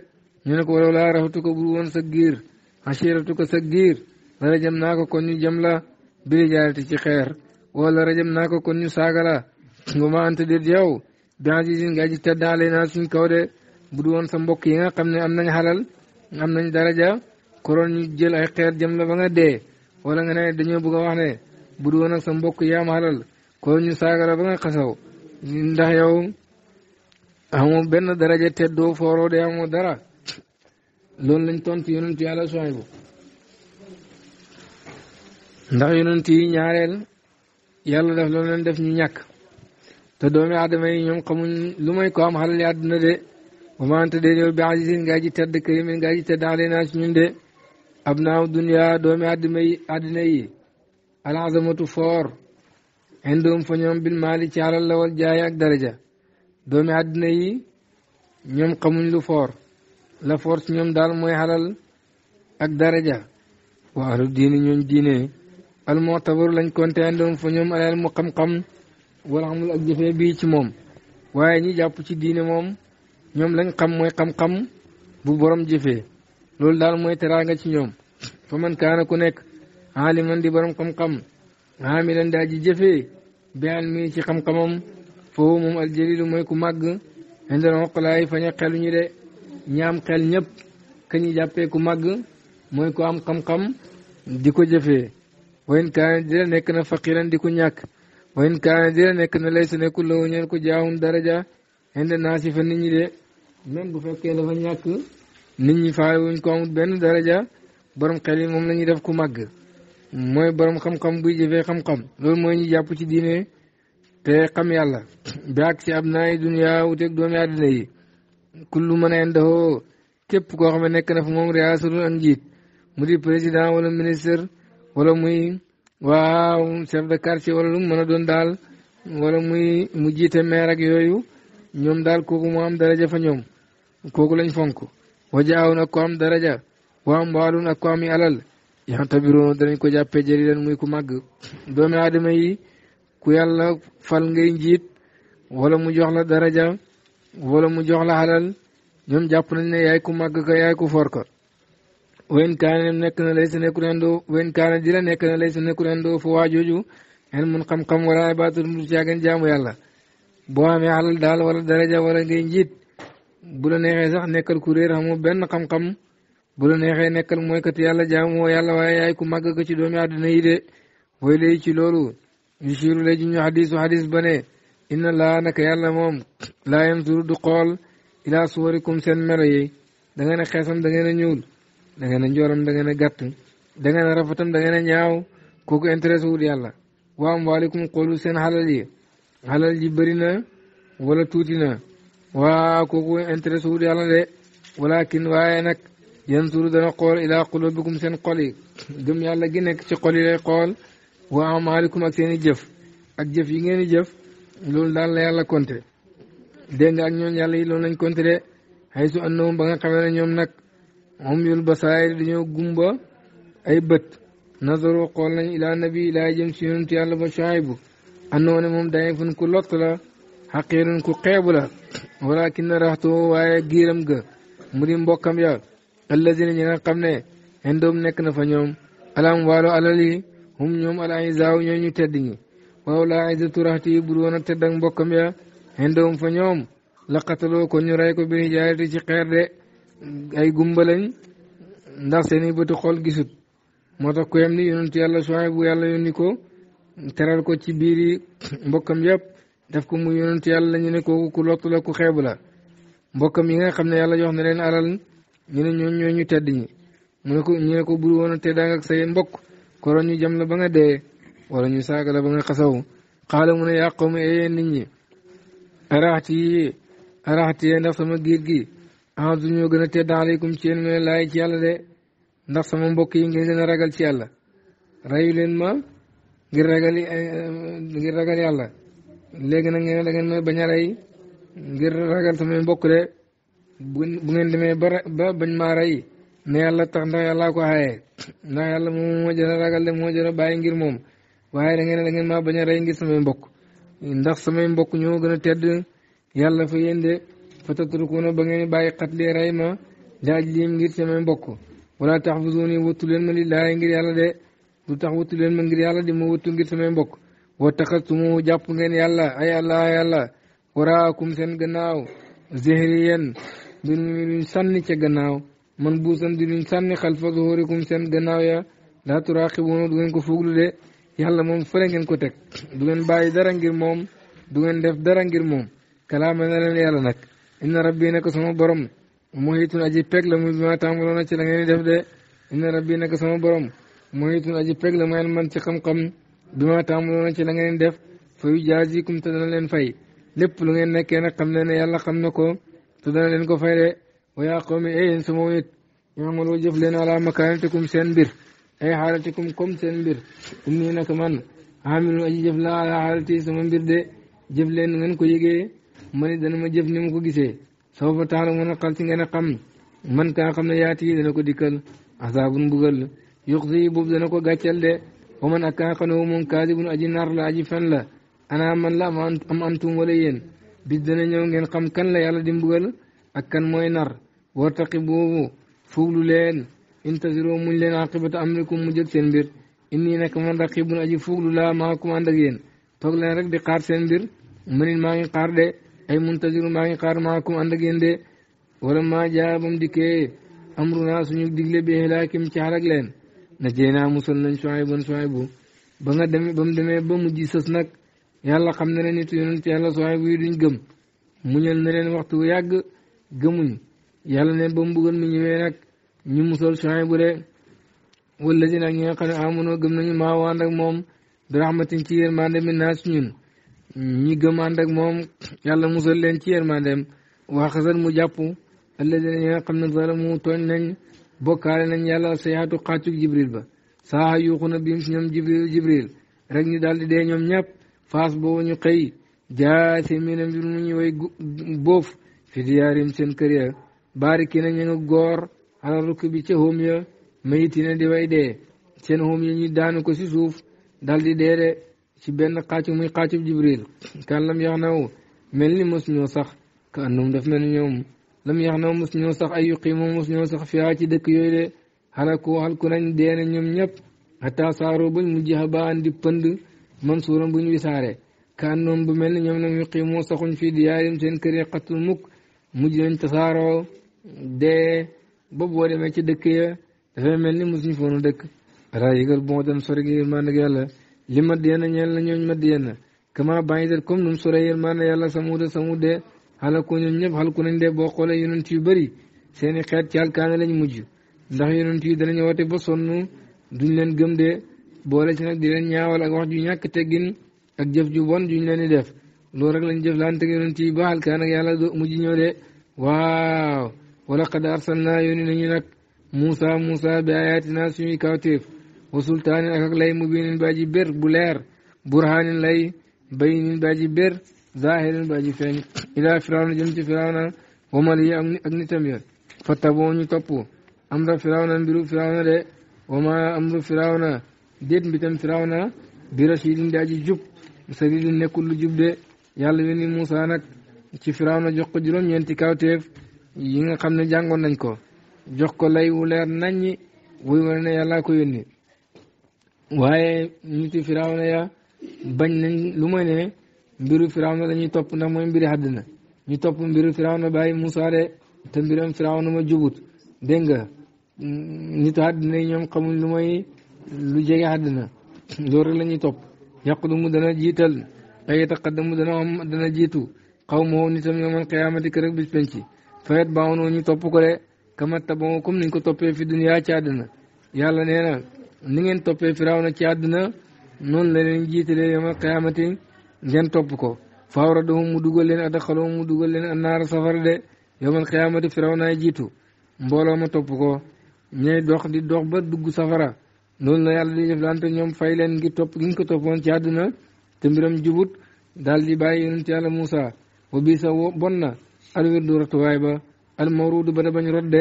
ñu ko wala laa rafatu ko bu woon sa giir asiratu ko sa giir la rajam naa ko kon ñu jëm la bili jaarati ci xeer wala rajam naa ko kon ñu saaga la ma anta déet yow bien ji nga ji teddaale naa suñ kaw de bu du woon sa mbokk yi nga xam ne am nañ xalal am nañ daraja koroon ñu jël ay xeer jëm la ba nga dee wala nga ne dañoo bëgg wax ne bu du woon ak xalal ko ñu saagara ba nga xasaw ndax yow amoo benn daraja teddoo fooroo de amoo dara loolu lañ tontu yonentu yàlla Suhaybu ndax yonent yi ñaareel yàlla def loolu leen def ñu ñàkk te doomi aadama yi ñoom xamuñ lu may ko am xalal àdduna de wa maa anta de yow azizin ngaa tedd karimin ngaa ji tedd alayna ñun de abnaaw dunya doomi aadama yi àddina yi alazamatu foor indoom fa ñoom bil maali ci alal jaay ak daraja doomi àddina yi ñoom xamuñ lu foor la foor ñoom daal mooy alal ak daraja wa ahlu diini ñooñ diine al lañ konte indoom fa ñoom alal mu xam-xam ci moom waaye ñi jàpp ci diine moom ñoom lañ xam mooy xam-xam bu borom jëfee loolu daal mooy teraanga ci ñoom fa man kaana ku nekk aaliman borom xam-xam mi amilan daal ji jëfee bian mi ci xam-xamam foofu moom aljalilu mooy ku màgg xendana xoqalaay faña xelu ñu de ñaam xel ñëpp ka jàppee ku màgg mooy ko am xam-xam di ko jëfee wayen kaane dina nekk na faqiran di ko ñàkk wayen kaane nekk na lay sa nekkul lawo ñeen ko jaawun daraja xenda naa si fa nit ñi de même bu fekkee dafa ñàkk nit ñi faale wuñ ko amul benn daraja borom xel yi moom la def ku màgg mooy boroom xam-xam buy jëfee xam-xam loolu mooy ñu jàpp ci diine te xam yàlla bi ak si ab naay dunya wuteeg doomi àddina yi kullu mën a indoo képp koo xam ne nekk na fa moom riyaasatul an njiit mu di président wala ministre wala muy waaw chef de quartier wala lu mu mën doon daal wala muy mu jiite maire ak yooyu ñoom daal kooku mu am daraja fa ñoom kooku lañ fonk wajaaw nag ko am daraja wa am ak ko am alal yan tabiroon danañ ko jàppee jëriñ muy ku màgg doomi aadama yi ku yàlla fal ngay njiit wala mu jox la daraja wala mu jox la xalal ñoom jàpp nañ ne yaay ku màgg ka yaay ku for ka wen kaane nekk na lay sa nekku ren doo la nekk na nekku ren doo fa waajooju en mun xam-xam wala baatu mu caagan jaamu yàlla boo amee xalal daal wala daraja wala ngay njiit bu la neexee sax nekkal ku réer benn xam-xam bu la neexee nekkal mooy kat yàlla jaamu yàlla waaye yaay ku màgg ko ci doomi àddina yi de way lay ci loolu yusiru lay ji ñu xadisu xadis ba ne inna laa naka yàlla moom laa yansuru du xool ilaa suwarikum seen melo yi da ngeen a xeesam da ngeen a ñuul da ngeen a njoolam da ngeen a gàtt da ngeen a rafatam da ngeen a kooku intéressé wul yàlla wa amwaalikum xoolu seen xalal yi xalal ji bëri na wala tuuti na waa kooku intéressé wul yàlla de walakin waaye nag yanzuru dana xool ilaa qulubikum seen xol yi yàlla gi nekk ci xol yi lay xool wa amaalikum ak seen i ak jëf yi ngeen di jëf loolu yàlla compté dégg nga ak ñoom yàlla yi loolu lañ compté de xëy su ba nga xamee ne ñoom nag moom yul basaayir dañoo gumba ay bët nazaru xool nañ ilaa nabi ilaa jëm si yonent yàlla ba Shuaybu annoo ne moom fun ku lott la xaqiirun ku xeebu la walakin raxtoo waaye giiram ga mu di mbokkam ya alladina ñi nga xam ne indoom nekk na fa ñoom alam waalo alal yi hum ñoom al aizaaw ñu tedd ñi waaw la aizatu raxti yi bur woon a tedd mbokkam ya indoom fa ñoom laqataloo ko ñu rey ko bi hijaarati ci xeer de ay gumba lañ ndax seen i bëti xol gisut moo tax ku yem ni yonent yàlla Suwayb bu yàlla yónni ko teral ko ci biiri mbokkam yëpp def ko mu yonent yàlla ñu ne ku lottu ku xeebu yi nga xam ne yàlla jox na leen alal ñu ne ñooñ ñooy ñu tedd ñi mu ne ko ñu ne ko buru woon a teddaag ak say mbokk koroon ñu jam la ba nga dee wala ñu saaga la ba nga xasaw xaala mu ne yaa qawmi ee nit ñi araxti yi araxti yee ndax sama giir gi ah du ñoo gën a tedd aleykum ci yéen mene laay ci yàlla de ndax sama mbokk yi ngeen gën a ragal ci yàlla rayu leen ma ngir ragal yàlla léegi nag ngeen da ngeen may ngir ragal samay mbokk de bu ngeen demee ba ba bañ maa rey ne yàlla tax ndax yàlla ko xayee ndax yàlla moom moo jën a ragal de moo jën a bàyyi ngir moom waaye da ngeen da ngeen maa bañ a rey ngir samay mbokk ndax samay mbokk ñoo gën a tedd yàlla fa yéende fatatrukuna ba ngeen bàyyi xat li rey ma jaaj lii ngir samay mbokk wala tax fusuuni wattu leen ma lillaahi ngir yàlla de du tax wattu leen ma ngir yàlla di ma wattu ngir samay mbokk wa takatumu jàpp ngeen yàlla ay allah ay allah waraakum seen gannaaw zehriyen duñu luñ sànni ca gannaaw man buusan di luñ sànni xalfa zuhurikum seen gannaaw ya laa turaaqibuuna du ngeen ko fuglu de yàlla moom fële ngeen ko teg du ngeen bàyyi dara ngir moom du ngeen def dara ngir moom kalaama na leen yàlla nag inna rabbi naka sama borom muhitun aji peg la muy bima tàmbaloona ci la ngeen def de inna rabbi naka sama borom muhitun aji peg la muy man ci xam-xam bima tàmbaloona ci la ngeen def fayu jaazikum te dana leen fay lépp lu ngeen nag xam ne yàlla xam na ko te dana leen ko fay de wa yaa qawmi ay eh yéen sama nit i'malu jëf leen ala makaanatikum seen mbir ay xaalatikum comme seen mbir inni man aamilu aji jëf la ala xaalati sama mbir de jëf leen ngeen ko yëgee man dana ma jëf ni ma ko gisee sawfa ta'lamuuna xal si ngeen a xam man kaa xam ne yaati dana ko dikkal azaabun mbugal yuxzi boobu dana ko gàcceel de wa man ak kaa xanoo moom kaasibun aji nar la aji fen la ana man la am antum wala bis dana ñëw ngeen xam kan la yàlla di mbugal ak kan mooy nar war taqi boobu fuglu leen intaziro mu leen aqibata amrikum mu jëg seen mbir inni nekk man raqibun aji fuglu laa maakum ànd ak yéen toog leen rek di xaar seen mbir manit maa ngi xaar de ay muntaziru maa ngi xaar maakum ànd ak yéen de wala maa jaabam dikkee amruna suñu digle bi xilaakim ci xarak leen na jeenaa musal nañ Shuayb bon Shuayb ba nga demee ba yàlla xam ne ne nit yonent yàlla soo buy duñ gëm muñal na leen waxtu yàgg gëmuñ yàlla ne ba mu bëggoon mu ñëwee nag ñu musol soin bu re wala ji nag ñi nga xam ne amunoo gëm nañu maa ànd ak moom bi rahmatin ci yërmande mi naa si ñun ñi gëm ànd ak moom yàlla musal leen ci yërmandeem waa xasal mu jàpp alladina ñi nga xam ne zalamu tooñ nañ bokkaale nañ yàlla sayaatu xàccug jibril ba saa yuuxu na biim si ñoom jibril rek ñu daal di de ñoom ñëpp faas boobu ñu xëy jaasi mina mbir mu ñu way boof fi diyaarim seen kër ya baari ki na ñu goor ala rukk bi ca xóom ya mayiti na di way dee seen xóom ya ñu daanu ko si suuf dal di dee de ci benn xaacu muy xaacub jibril kan lam yax naw mel ni mos ñoo sax ka annum daf mel ni ñoom lam yax naw mos ñoo sax ay yuqiima mos ñoo sax fiaa ci dëkk yooyu de xalaku xalku nañ dee na ñoom ñëpp xataa saaro bañ mujj xabaan di pënd man suuram bu ñu wisaare kaan noom bu mel ni ñoom nag ñu xiimoo saxuñ fii mu seen kër yi xattul mukk mujj nañ tasaaroo dee ba boo demee ci dëkk ya dafay mel ni mosuñ foonu dëkk a ataa yëgal bon dem sori gi yërmande yàlla li ma dee na ñeel na ñooñ ma dee na kama bàyyi dat comme num sore yërmande yàlla samuuda samuude xalaku ñun ñëpp xalaku nañ dee boo xoolee yonent yu bari seeni xeet ci alkaane lañ mujj ndax yonent yi danañ woote ba sonn boole ci nag di leen ñaawal ak wax ju ñàkk teggin ak jëf ju bon juñ leen di def loolu rek lañ jëf laan teg yonent yi ba alkaan ak yàlla mujj ñëw de waaw wala qad arsalnaa yónni nañu nag Moussa Moussa bi ayaatinaa suñuy kawtéef wa sultaanin ak ak lay mubiinin baa ji bér bu leer burhaanin lay bayinin baa ji bér zaahirin baa ji feeñ ilaa firawna jëm ci firawna wa mali ak ak nitam ya fa taboo ñu topp amra firawna mbiru firawna déet mbitam firaw na bi rachidin daa ji jub saridin nekkul lu jub de yàlla wen ni nag ci firaw na jox ko juróom-ñeenti kawteef yi nga xam ne jàngoon nañ ko jox ko lay wu leer naññi wuy wane ne ko yónni waaye niti firaw ya bañ nañ lu ma ne mbiru firaw na la ñuy topp ndax mooy mbiri àddina ñu topp mbiru firaw na musa Moussa de te mbiram firaw na ma jubut dégg nga nitu yi ñoom xamuñ lu lu jege àddina loolu rek la ñuy topp yaqdumu dana jiital ay yataqaddamu dana am dana jiitu xaw ma woon nitam yawmal ka rek bis penc fayet baawoon ñu topp ko de kama taboo comme niñ ko toppee fi duniyaa ci àddina yàlla nee na ni ngeen toppee Firawna ci àddina noonu la leen jiitalee yawmal qiyaamati ngeen topp ko fawradahum mu dugal leen a mu dugal leen annaara safara de yawmal qiyaamati Firawna jiitu mbooloo ma topp ko ñay dox di dox ba dugg safara noonu la yàlla di jëflante ñoom fay leen ngir topp gi nga ko toppoon ci àdduna te mbiram jubut daal bàyyi yonent yàlla Moussa wa bii sa bon na alwirdu rotuwaay ba almawrudu ba da bañ rodde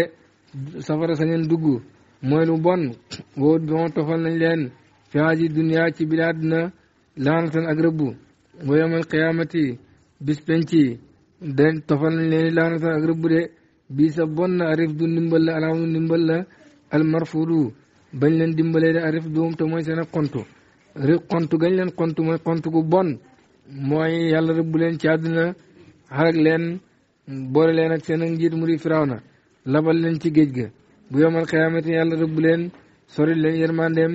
safara sañeen dugg mooy lu bon woo bon tofal nañ leen fi haaji dunia ci biir àdduna laanatan ak rëbbu wa yawmal qiyaamati bis penci dañ tofal nañ leen laanatan ak rëbbu de bii sa bon na arif du ndimbal la alaamu ndimbal la almarfudu bañ leen dimbalee de arif doom te mooy seen ak kontu rek kontu gañ leen kontu mooy kontu gu bon mooy yàlla rëbb leen ci àdduna xarak leen boole leen ak seen ak njiit mu di firawna labal leen ci géej ga bu yomal xiyaamati yàlla rëbb leen sori leen yërmandeem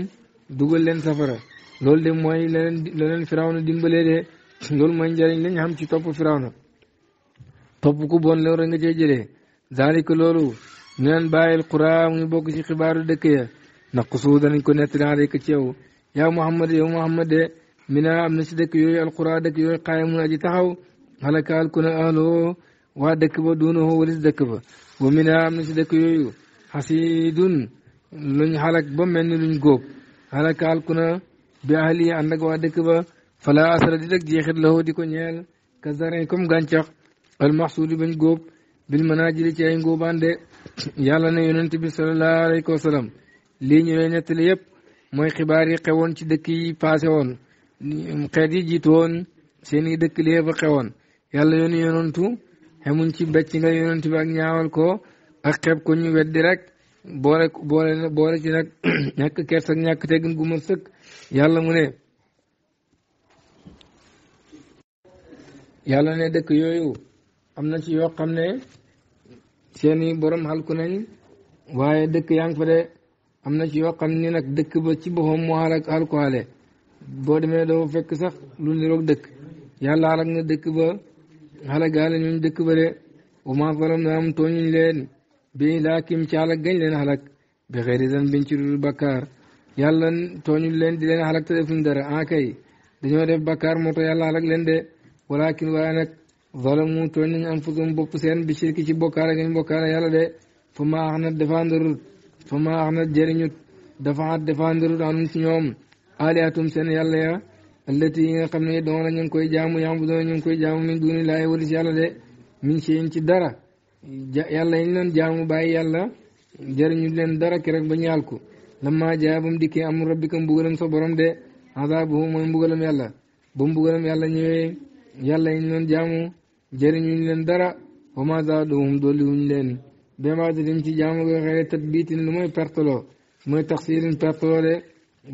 dugal leen safara loolu de mooy leneen leneen firawna dimbalee de loolu mooy njëriñ lañ xam ci topp firawna topp ku bon loolu rek nga cee jëlee zaalika loolu ñu leen bàyyil xuraa ngi bokk ci xibaaru dëkk naqsu danañ ko nettali aleyka ci yow yaa Muhammad yow Muhammad de mina am na si dëkk yooyu alqura dëkk yooyu qaayamun aji taxaw xalakaal ku ne ahloo waa dëkk ba duunoo walis dëkk ba wa na si dëkk yooyu xasidun luñ xalak ba mel ni luñ góob xalakaal ku ne bi ahli ànd ak waa dëkk ba fala asra di rek jeexit di ko ñeel ka zarin comme gàncax almaxsuudi bañ góob bil manaajili ci ay ngóobaan de na yoo yonent bi sallallahu alayhi lii ñu lay nettali yëpp mooy xibaar yi xewoon ci dëkk yi paase woon xeet yi jiitu woon seen i dëkk li fa xewoon yàlla yoonu yonantu xemuñ ci becc nga yonantu bi ak ñaawal ko ak xeeb ko ñu weddi rek boole boole boole ci nag ñàkk kersa ak ñàkk teggin gu sëkk yàlla mu ne yàlla ne dëkk yooyu am na ci yoo xam ne seeni borom xalku nañ waaye dëkk yaa fa de am na ci yoo xam ni nag dëkk ba ci boppam mu xaaral alkoale boo demee doo fekk sax lu niroog dëkk yàlla xaaral na dëkk ba xalagaale ñoom dëkk ba de au moins faram naa am tooñuñ leen ci xalag gañ leen xalag bi xëy na dañ biñ ci dul bakkaar yàlla leen di leen xalag te defuñ dara ah kay dañoo def bakkaar moo yàlla xalag leen de walakin waaye nag zalamu tooñ nañ am fusum bopp seen bi shirki ci bokkaar ak ñu bokkaar yàlla de fu ma wax nag fa ma ax na jëriñut dafa défendre daanum ci ñoom aliatum seen yàlla ya allati yi nga xam ne doona ñu ngi koy jaamu yam bu doona ñu ngi koy jaamu min duni laay walis yàlla de min seen ci dara yàlla yi ñu doon jaamu bàyyi yàlla jëriñu leen dara ki rek ba ñaal ko lamma jaa ba mu dikkee amul rabbika mbugalam sa borom de azaabuhu mooy mbugalam yàlla ba mbugalam yàlla ñëwee yàlla yi ñu doon jaamu leen dara wa ma zaaduhum dolliwuñ leen bémaado dim ci jaamu go xëy tatbiitin lu mooy perteloo mooy taxsiirin perteloo de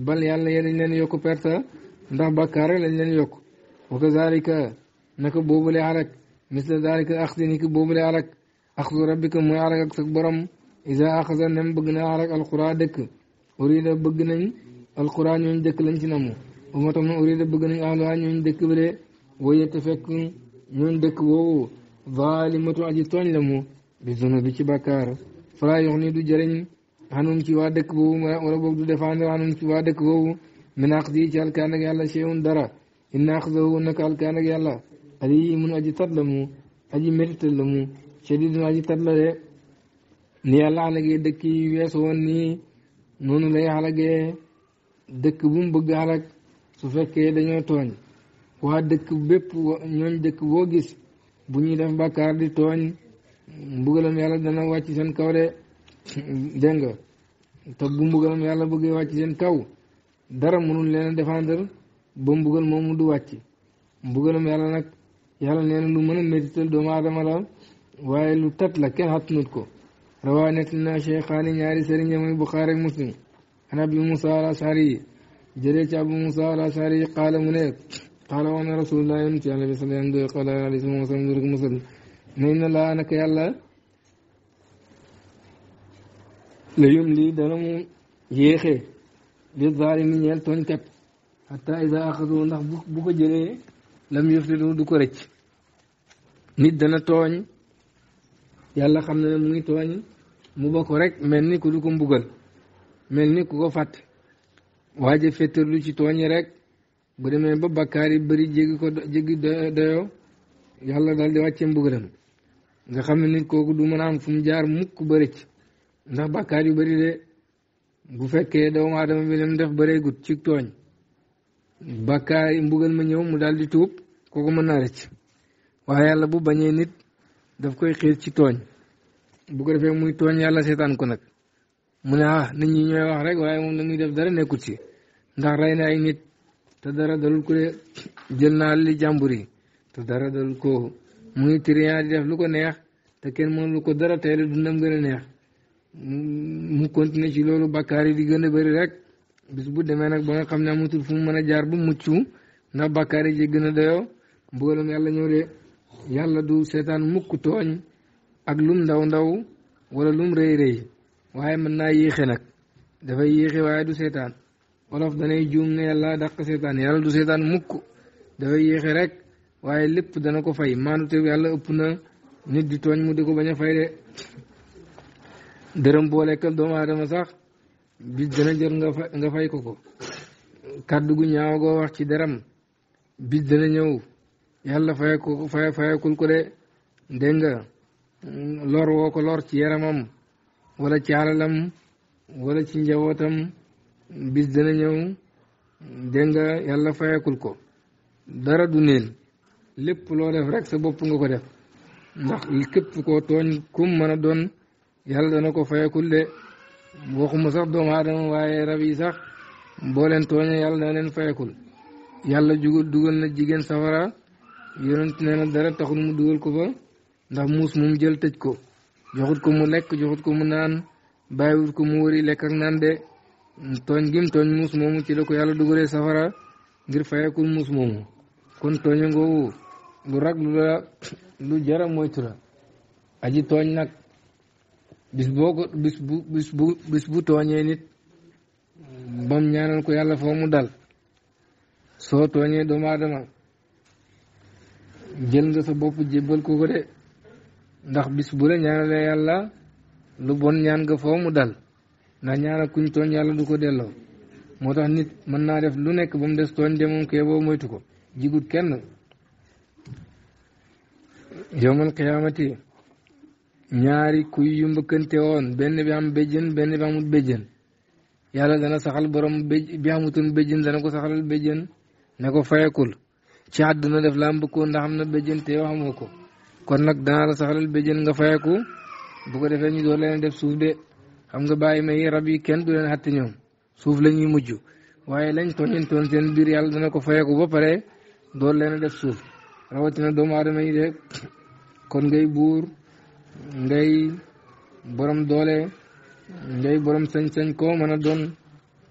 bal yàlla yéen leen yokku perte ndax ba rek lañ leen yokku wa kazalika naka boobule arak misla zalika axdi ni ki boobule arak axdu rabbika mooy arak ak sa borom isa axasa nem bëgg na arak alqura dëkk urida bëgg nañ alqura ñooñ dëkk lañ ci namu uma tam urida bëgg nañ ahluha ñooñ dëkk bi de waye te fekk ñooñ dëkk ma zalimatu aji tooñ la mu bi zone bi ci bàkkaar fala yox ni du jëriñ xanum ci waa dëkk boobu wala boog ci waa dëkk boobu min aq di ci alkaan yàlla cheyun dara inna aqdahu naka alkaan ak yàlla ali mun aji tat la mu aji métital la mu shadidun aji tat la de ni yàlla xalagee dëkk yi wees woon nii noonu lay xalagee dëkk bu mu bëgg xalag su fekkee dañoo tooñ waa dëkk bépp ñooñ dëkk boo gis bu ñuy def di tooñ mbugalam yàlla dana wàcc seen kaw de dégg nga te bu mbugalam yàlla bëggee wàcc seen kaw dara mënul leen a défendre ba mbugal moomu du wàcc mbugalam yàlla nag yàlla nee na lu mën a métital doomu aadama la waaye lu tat la kenn xattunut ko rawaa nett na cheikhaani ñaari sëriñ muy buxaari muslim an abi musa al ashari yi jëlee ci abu musa al qaala mu ne qaala wax na rasulullah yonent yàlla bi sallallahu alayhi wa nañ na laa naka yàlla la yum lii dana mu yéexee li zaalimi ñeel tooñkat xataa isa axasoo ndax bu ko jëlee lam yuftidu du ko rëcc nit dana tooñ yàlla xam na ne mu ngi tooñ mu ba ko rek mel ni ku du ko mbugal mel ni ku ko fàtt waaje féttarlu ci tooñi rek bu demee ba bakkaar yi bëri jéggi ko jéggi doyo yàlla daal di wàccee mbugalam nga xam ne nit kooku du mën a am fu mu jaar mukk ba rëcc ndax bakkaar yu bari de bu fekkee doomu aadama bi lim def bareegut ci tooñ bàkkaar yi mbugal ma ñëw mu daal di tuub kooku mën naa rëcc waaye yàlla bu bañee nit daf koy xiir ci tooñ bu ko muy tooñ yàlla seetaan ko nag mu ne ah nit ñi wax rek waaye moom la muy dara nekkut ci ndax rey na ay nit te dara dalul ko de jël naa li jàmbur yi te dara dalul ko muy trian di def lu ko neex te kenn mënu lu ko dara teele dundam gën a neex mu continuer ci loolu bakkaar di gën a bëri rek bis bu demee nag ba nga xam ne amatul fu mu mën a jaar ba mucc ndax bakkaar yi gën a doyoo mbugalam yàlla ñëw de yàlla du seetaan mukk tooñ ak lum ndaw ndaw wala lum rëy rëy waaye mën naa yéexe nag dafay yéexe waaye du seetaan wolof danay juum ne yàlla dàq seetaan yàlla du seetaan mukk dafay yéexe rek waaye lépp dana ko fay maanute yàlla ëpp na nit di tooñ mu di ko bañ a fay de dërëm boo lekkal doomu aadama sax bis dana jot nga fay nga fay ko ko kàddu gu ñaaw goo wax ci daram bis dana ñëw yàlla fay ko fay ko de dégg nga lor woo ko lor ci yaramam wala ci alalam wala ci njabootam bis dana ñëw dégg nga yàlla fayakul ko dara du neen lépp loo def rek sa bopp nga ko def ndax képp koo tooñ kum mën a doon yàlla dana ko fayakul de waxuma sax doomu aadama waaye rab yi sax booleen leen yàlla dana leen fayakul yàlla jugul dugal na jigéen safara yonent nee na dara taxul mu dugal ko fa ndax muus moom jël tëj ko joxut ko mu lekk joxut ko mu naan bàyyiwut ko mu wëri lekk ak naan de tooñ gim tooñ muus moomu ci la ko yàlla dugalee safara ngir fayakul muus moomu kon tooñu ngoowu lu raglu la lu jara moytu la aji tooñ nag bis boo ko bis bu bis bu bis bu tooñee nit bam ñaanal ko yàlla foo mu dal soo tooñee doomu aadama jël nga sa bopp jébbal ko ko de ndax bis bu la ñaanalee yàlla lu bon ñaan nga foo mu dal ndax ñaanal kuñ tooñ yàlla du ko delloo moo tax nit mën naa def lu nekk ba des tooñ de kee boo moytu ko jigut kenn yowmal qiyaamati ñaari kuy yu mbëkkante woon benn bi am béjjën benn bi amut béjjën yàlla dana saxal borom béj bi amutoon béjjën dana ko saxalal béjjën ne ko fayakul ci àdduna def laa mbëkkoon ndax am na béjjën te yow amoo ko kon nag dana la saxalal béjjën nga fayeku bu ko defee ñu doon leen def suuf de xam nga bàyyi may rab yi kenn du leen àtte ñoom suuf la ñuy mujj waaye lañ toñentoon seen biir yàlla dana ko fayeku ba pare doon leen def suuf rawatina doomu kon ngay buur ngay borom doole ngay borom sañ-sañ ko mën a doon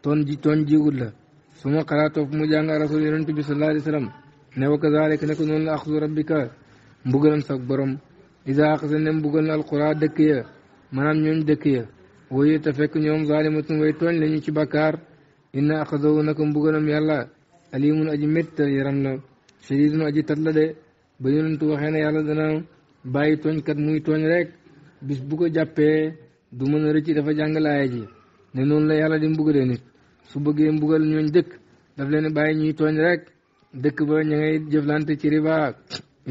toon ji toon jiwut la su ma mu jàng rasul yonent bi sallallahu alayhi wa sallam ne wa kazaalika ne ko noonu la axdu rabbika mbugalam sax borom isa axasa ne mbugal na alqura dëkk ya ñooñ dëkk wayu te fekk ñoom zalimatun way tooñ lañu ci bakkaar inna axadahu nako mbugalam yàlla alimun aji métta yaram la shadidun aji tat la de ba yonentu waxee ne yàlla bàyyi tooñkat muy tooñ rek bis bu ko jàppee du mën a rëcc dafa jàng laaya ji ne noonu la yàlla di mbugalee nit su bëggee mbugal ñooñ dëkk daf leen bàyyi ñuy tooñ rek dëkk ba ña ngay jëflante ci riba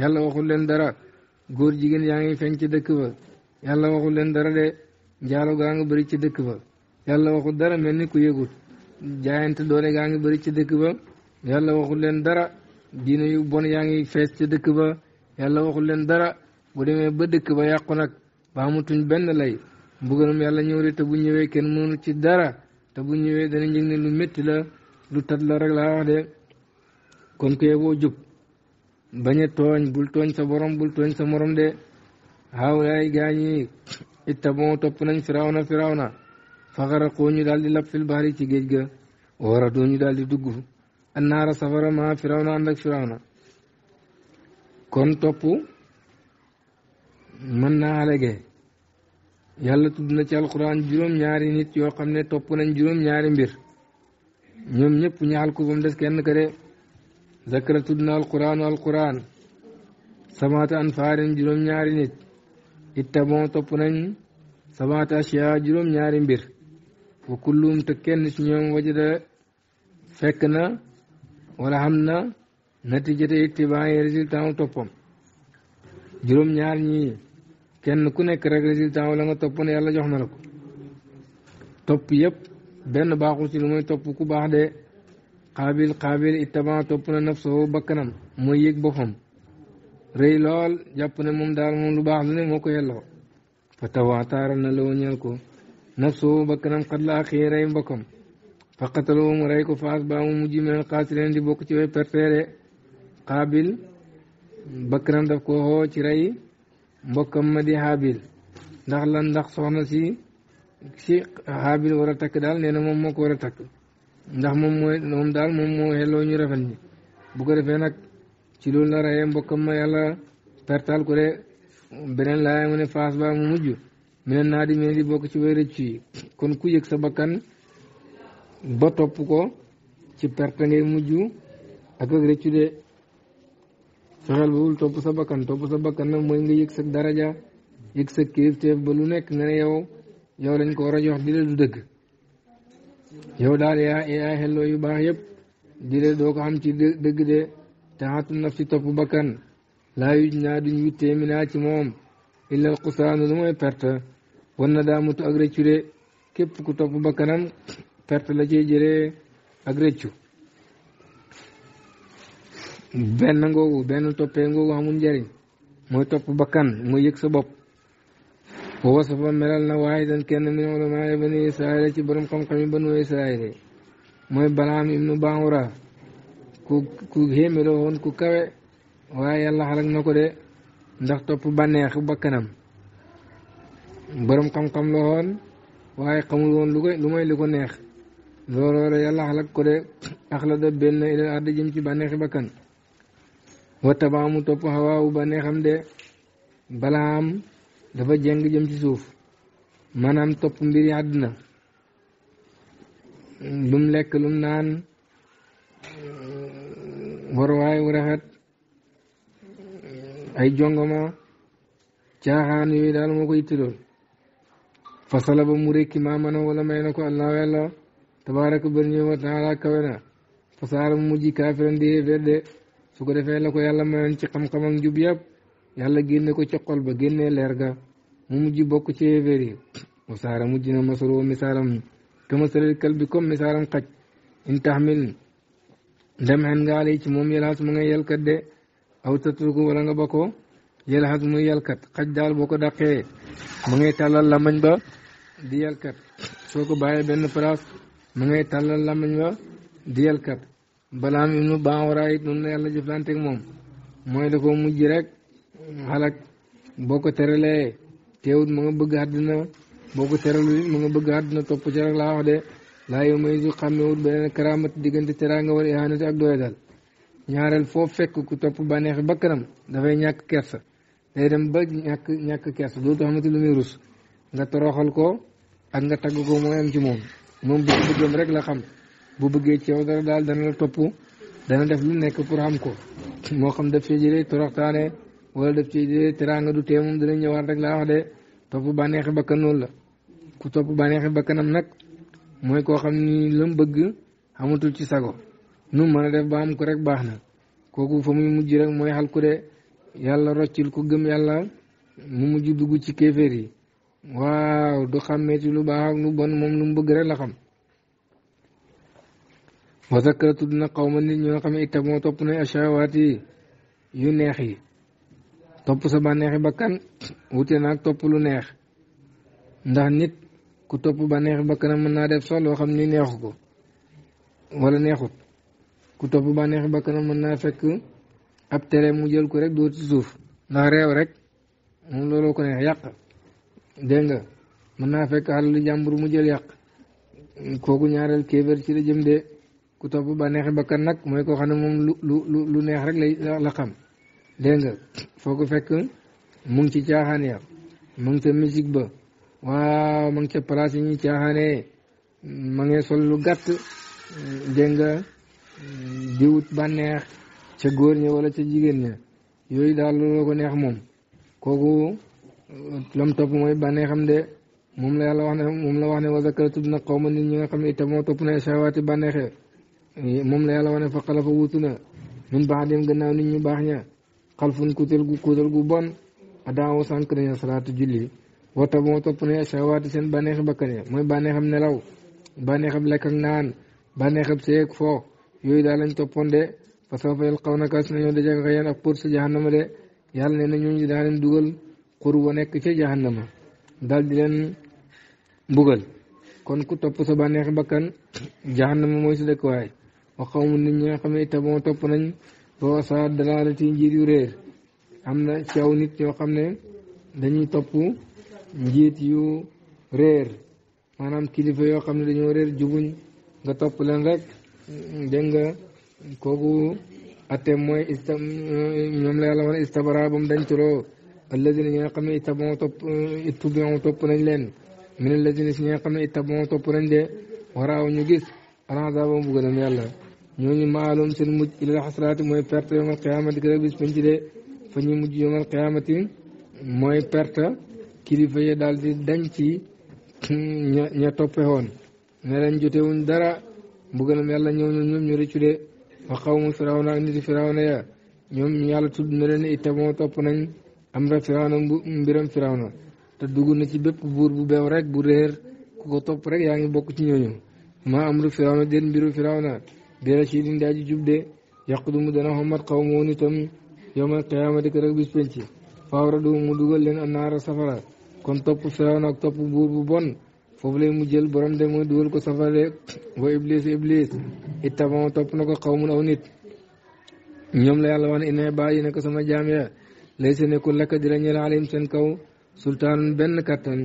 yàlla waxul leen dara góor jigéen yaa ngi feeñ ci dëkk ba yàlla waxul leen dara de njaalo gaa ngi bëri ci dëkk ba yàlla waxul dara mel ni ku yëgut jaayante doole ngi bëri ci dëkk ba yàlla waxul leen dara diine yu bon yaa ngi fees ci dëkk ba yàlla waxul leen dara bu demee ba dëkk ba yàqu nag ba amatuñ benn lay mbugalum yàlla ñëw de te bu ñëwee kenn mënu ci dara te bu ñëwee dana njëg ne lu metti la lu tat la rek laa wax de kon kee boo jub bañ tooñ bul tooñ sa borom bul tooñ sa morom de xaaw laay gaa ñi ittaboo topp nañ firawna firawna faxaraqoo ñu dal di lab fil ci géej ga waratoo ñu daal di dugg annaara safara ma firawna ànd ak firawna kon topp mën naa alage yàlla tudd na ci alquran juróom-ñaari nit yoo xam ne topp nañ juróom-ñaari mbir ñoom ñëpp ñaal ko ba des kenn ka de zakara tudd na alquran alquran samaata anfaarin juróom-ñaari nit ittabon topp nañ samaata asiya juróom-ñaari mbir wa kullum te kenn ci ñoom wajada fekk na wala xam na natijate ittibaa yi toppam juróom-ñaar ñii kenn ku nekk rek résultat wala nga topp yàlla jox na la yëpp benn baaxu ci mooy topp ku baax de xaabil xaabil ittaba topp na nafsoo bakkanam mooy yëg boppam rëy lool jàpp ne moom daal moom lu baax lu ne moo ko yelloo fa tawaa taaral na loo ñeel ko nafsoo bakkanam xat la axii rey mbokkam fa qataloo mu rey ko faas baa mu mujj mel xaasireen di bokk ci way perteere xaabil bakkanam daf ko xoo ci rey mbokkam ma di xaabil ndax lan ndax soxna si si xaabil war a takk daal nee na moom moo ko war a takk ndax moom mooy moom daal moom moo xelloo ñu rafet ñi bu ko defee nag ci loolu la rayee mbokkam ma yàlla pertal ko de beneen laaya mu ne faas ba mu mujj mi ne naa di mel di bokk ci way rëccu yi kon ku yëg sa bakkan ba topp ko ci perte ngay mujj ak ak rëccu de fexeel ba wul topp sa bakkan topp sa bakkan nag mooy nga yëg sa daraja yëg sa kilifteef ba lu nekk nga ne yow yow lañ ko war a jox di la du dëgg yow daal yaa yaa xelloo yu baax yëpp di la doo ko xam ci dëgg de te naf ci topp bakkan laa yuj naa duñ wittee mi naa ci moom illal xusaanu lu mooy perte wan na daamutu ak de képp ku topp bakkanam perte la cee jëlee ak benn ngoogu benn toppee ngoogu amul njëriñ mooy topp bakkan mooy yëg sa bopp wa wasafa melal na waaye dan kenn min ulamaay bani israila ci borom xam-xam yi banu israila mooy balaam ibnu baamura ku ku xéeme la woon ku kawe waaye yàlla xalak na ko de ndax topp bànneexu bakkanam borom xam-xam la waaye xamul woon lu koy lu may li ko neex looloo yàlla xalak ko de axlada benn ilal ardi jëm ci bànneexi bakkan wattabaamu topp hawaawu ba neexam de balaam dafa jeng jëm ci suuf manam topp mbiri àdduna lum lekk lum naan warwaay wu rafet ay jongoma caaxaan yooyu daal moo ko yittiloon fasala ba mu rékki maa mëna wala may na ko allah wella tabaraka bërñëw wa taala kawe na fasaala mu mujj kaafiran di hee verde su ko defee la ko yàlla mayoon ci xam-xam ak njub yëpp yàlla génne ko ci xol ba génnee leer ga mu mujj bokk ci yéeféer yi wasaara mujj na masaroo misaaram kamasalil kal bi comme misaaram xaj in taxmil ndem xen nga ale ci moom yelxas ma nga yelkat de aw tatruku wala nga ba ko mu muy yelkat xaj daal boo ko dàqee ma ngay tàllal lamañ ba di yelkat soo ko bàyyee benn ma ngay tàllal lamañ ba di yelkat balaam ibnu baawara it noonu la yàlla jëflanteeg moom mooy da ko mujj rek xalak boo ko teralee teewut ma nga bëgg àddina boo ko teralu it ma nga bëgg àddina topp ci rek laa wax de laa yow may su xàmmewut beneen karaamat diggante teraanga war ihanati ak doyadal ñaareel foofu fekk ku topp bànneexi bakkanam dafay ñàkk kersa day dem ba ñàkk ñàkk kersa dootu xamante nga toroxal ko ak nga tagg ko mooy am ci moom moom bëgg-bëggam rek la xam bu bëggee ci yow dara daal dana la topp dana def lu nekk pour am ko moo xam def ci jëlee toroxtaane wala def ci jëlee teraanga du tee moom dana ñëwaat rek laa wax de topp bànneexi bakkan noonu la ku topp bànneexi bakkanam nag mooy koo xam ni lu mu bëgg xamatul ci sago nu mën a def ba am ko rek baax na kooku fa muy mujj rek mooy xal ku de yàlla roccil ku gëm yàlla mu mujj dugg ci kéeféer yi waaw du xàmmee ci lu baax ak lu bon moom lu mu bëgg rek la xam wa zakara tudd na xawma nit ñoo xam ne itam moo topp nañ ashawaat yi yu neex yi topp sa bànneex bakkan wute naag topp lu neex ndax nit ku topp bànneexi bakkanam mën naa def sax loo xam ni neexu ko wala neexut ku topp bànneexi bakkanam mën naa fekk ab tere mu jël ko rek doo ci suuf ndax réew rek moom looloo ko neex yàq dégg nga mën naa fekk xalalu jàmbur mu jël yàq kooku ñaareel kéeféer ci la jëm ku topp bànneexi bakkan nag mooy koo xam ne moom lu lu lu neex rek lay la xam de nga foo fekk mu ngi ci caaxaan ya mu ca musique ba waaw mu ca place yi ñuy caaxaanee ma ngi sol lu gàtt dégg nga di wut bànneex ca góor ña wala ca jigéen ña yooyu daal looloo ko neex moom kooku lam topp mooy bànneexam de moom la yàlla wax ne moom la wax ne wa zakaratu na xaw ma nit ñi nga xam ne itam moo topp na shawaati bànneexee Eh, moom la yàlla wane fa xalafa wutu na min baax dem gannaaw nit ñu baax ña xalfun kuutal gu kuutal gu bon adaawo sànq nañu salaatu julli wata moo topp ne shawaati seen bànneexi bakkane mooy bànneexam nelaw bànneexam lekk ak naan bànneexam seeg foo yooyu daal lañ toppoon de fa sawfa yalqawna si nañoo daje ak pour sa jahannama de yàlla ne na ñooñu daa leen dugal xur wa nekk ca jahannama daal di leen mbugal kon ku topp sa bànneexi bakkan jahannama mooy su dëkk waay wa xawma nit ñi nga xam ne itam topp nañ boo saa dalaalati njiit yu réer am na ci nit yoo xam ne dañuy topp njiit yu réer maanaam kilifa yoo xam ne dañoo réer jubuñ nga topp leen rek dégg nga kooku atteem mooy ista ñoom la yàlla wan istabara ba mu dancuroo alladina ñi nga xam ne itabon topp topp nañ leen min alladina si ñi nga xam ne itabon topp nañ de waraaw ñu gis alaazaba mbugalam yàlla ñooñu maalum seen mujj ilal xasraati mooy perte yomal xiyaamati gërëm bis bañ ci dee fa ñuy mujj yomal xiyaamati mooy perte kilifa yi daal di dañ ci ña ña toppe woon ne leen dara mbugalam yàlla ñëw na ñoom ñu rëccu de wa xawmu firawna ak niti firawna ya ñoom yàlla tudd na leen ittamoo topp nañ amra firawna mbiram firawna te dugg na ci bépp buur bu beew rek bu réer ku ko topp rek yaa ngi bokk ci ñooñu maa amru firawna den mbiru firawna bi rachidin daa ji jub de yaqdumu dana xommat xaw moo nitam yowmal qiyaamati ko rek bis penc fawradu mu dugal leen annaara safara kon topp firawna ak topp buur bu bon foofu lay mu jël borom de mooy dugal ko safara de wa iblis iblis ittabon topp na ko xawmun aw nit ñoom la yàlla wax ne inna bàyyi na ko sama jaam ya lay sa la ñeel alim seen kaw sultaanun benn kattan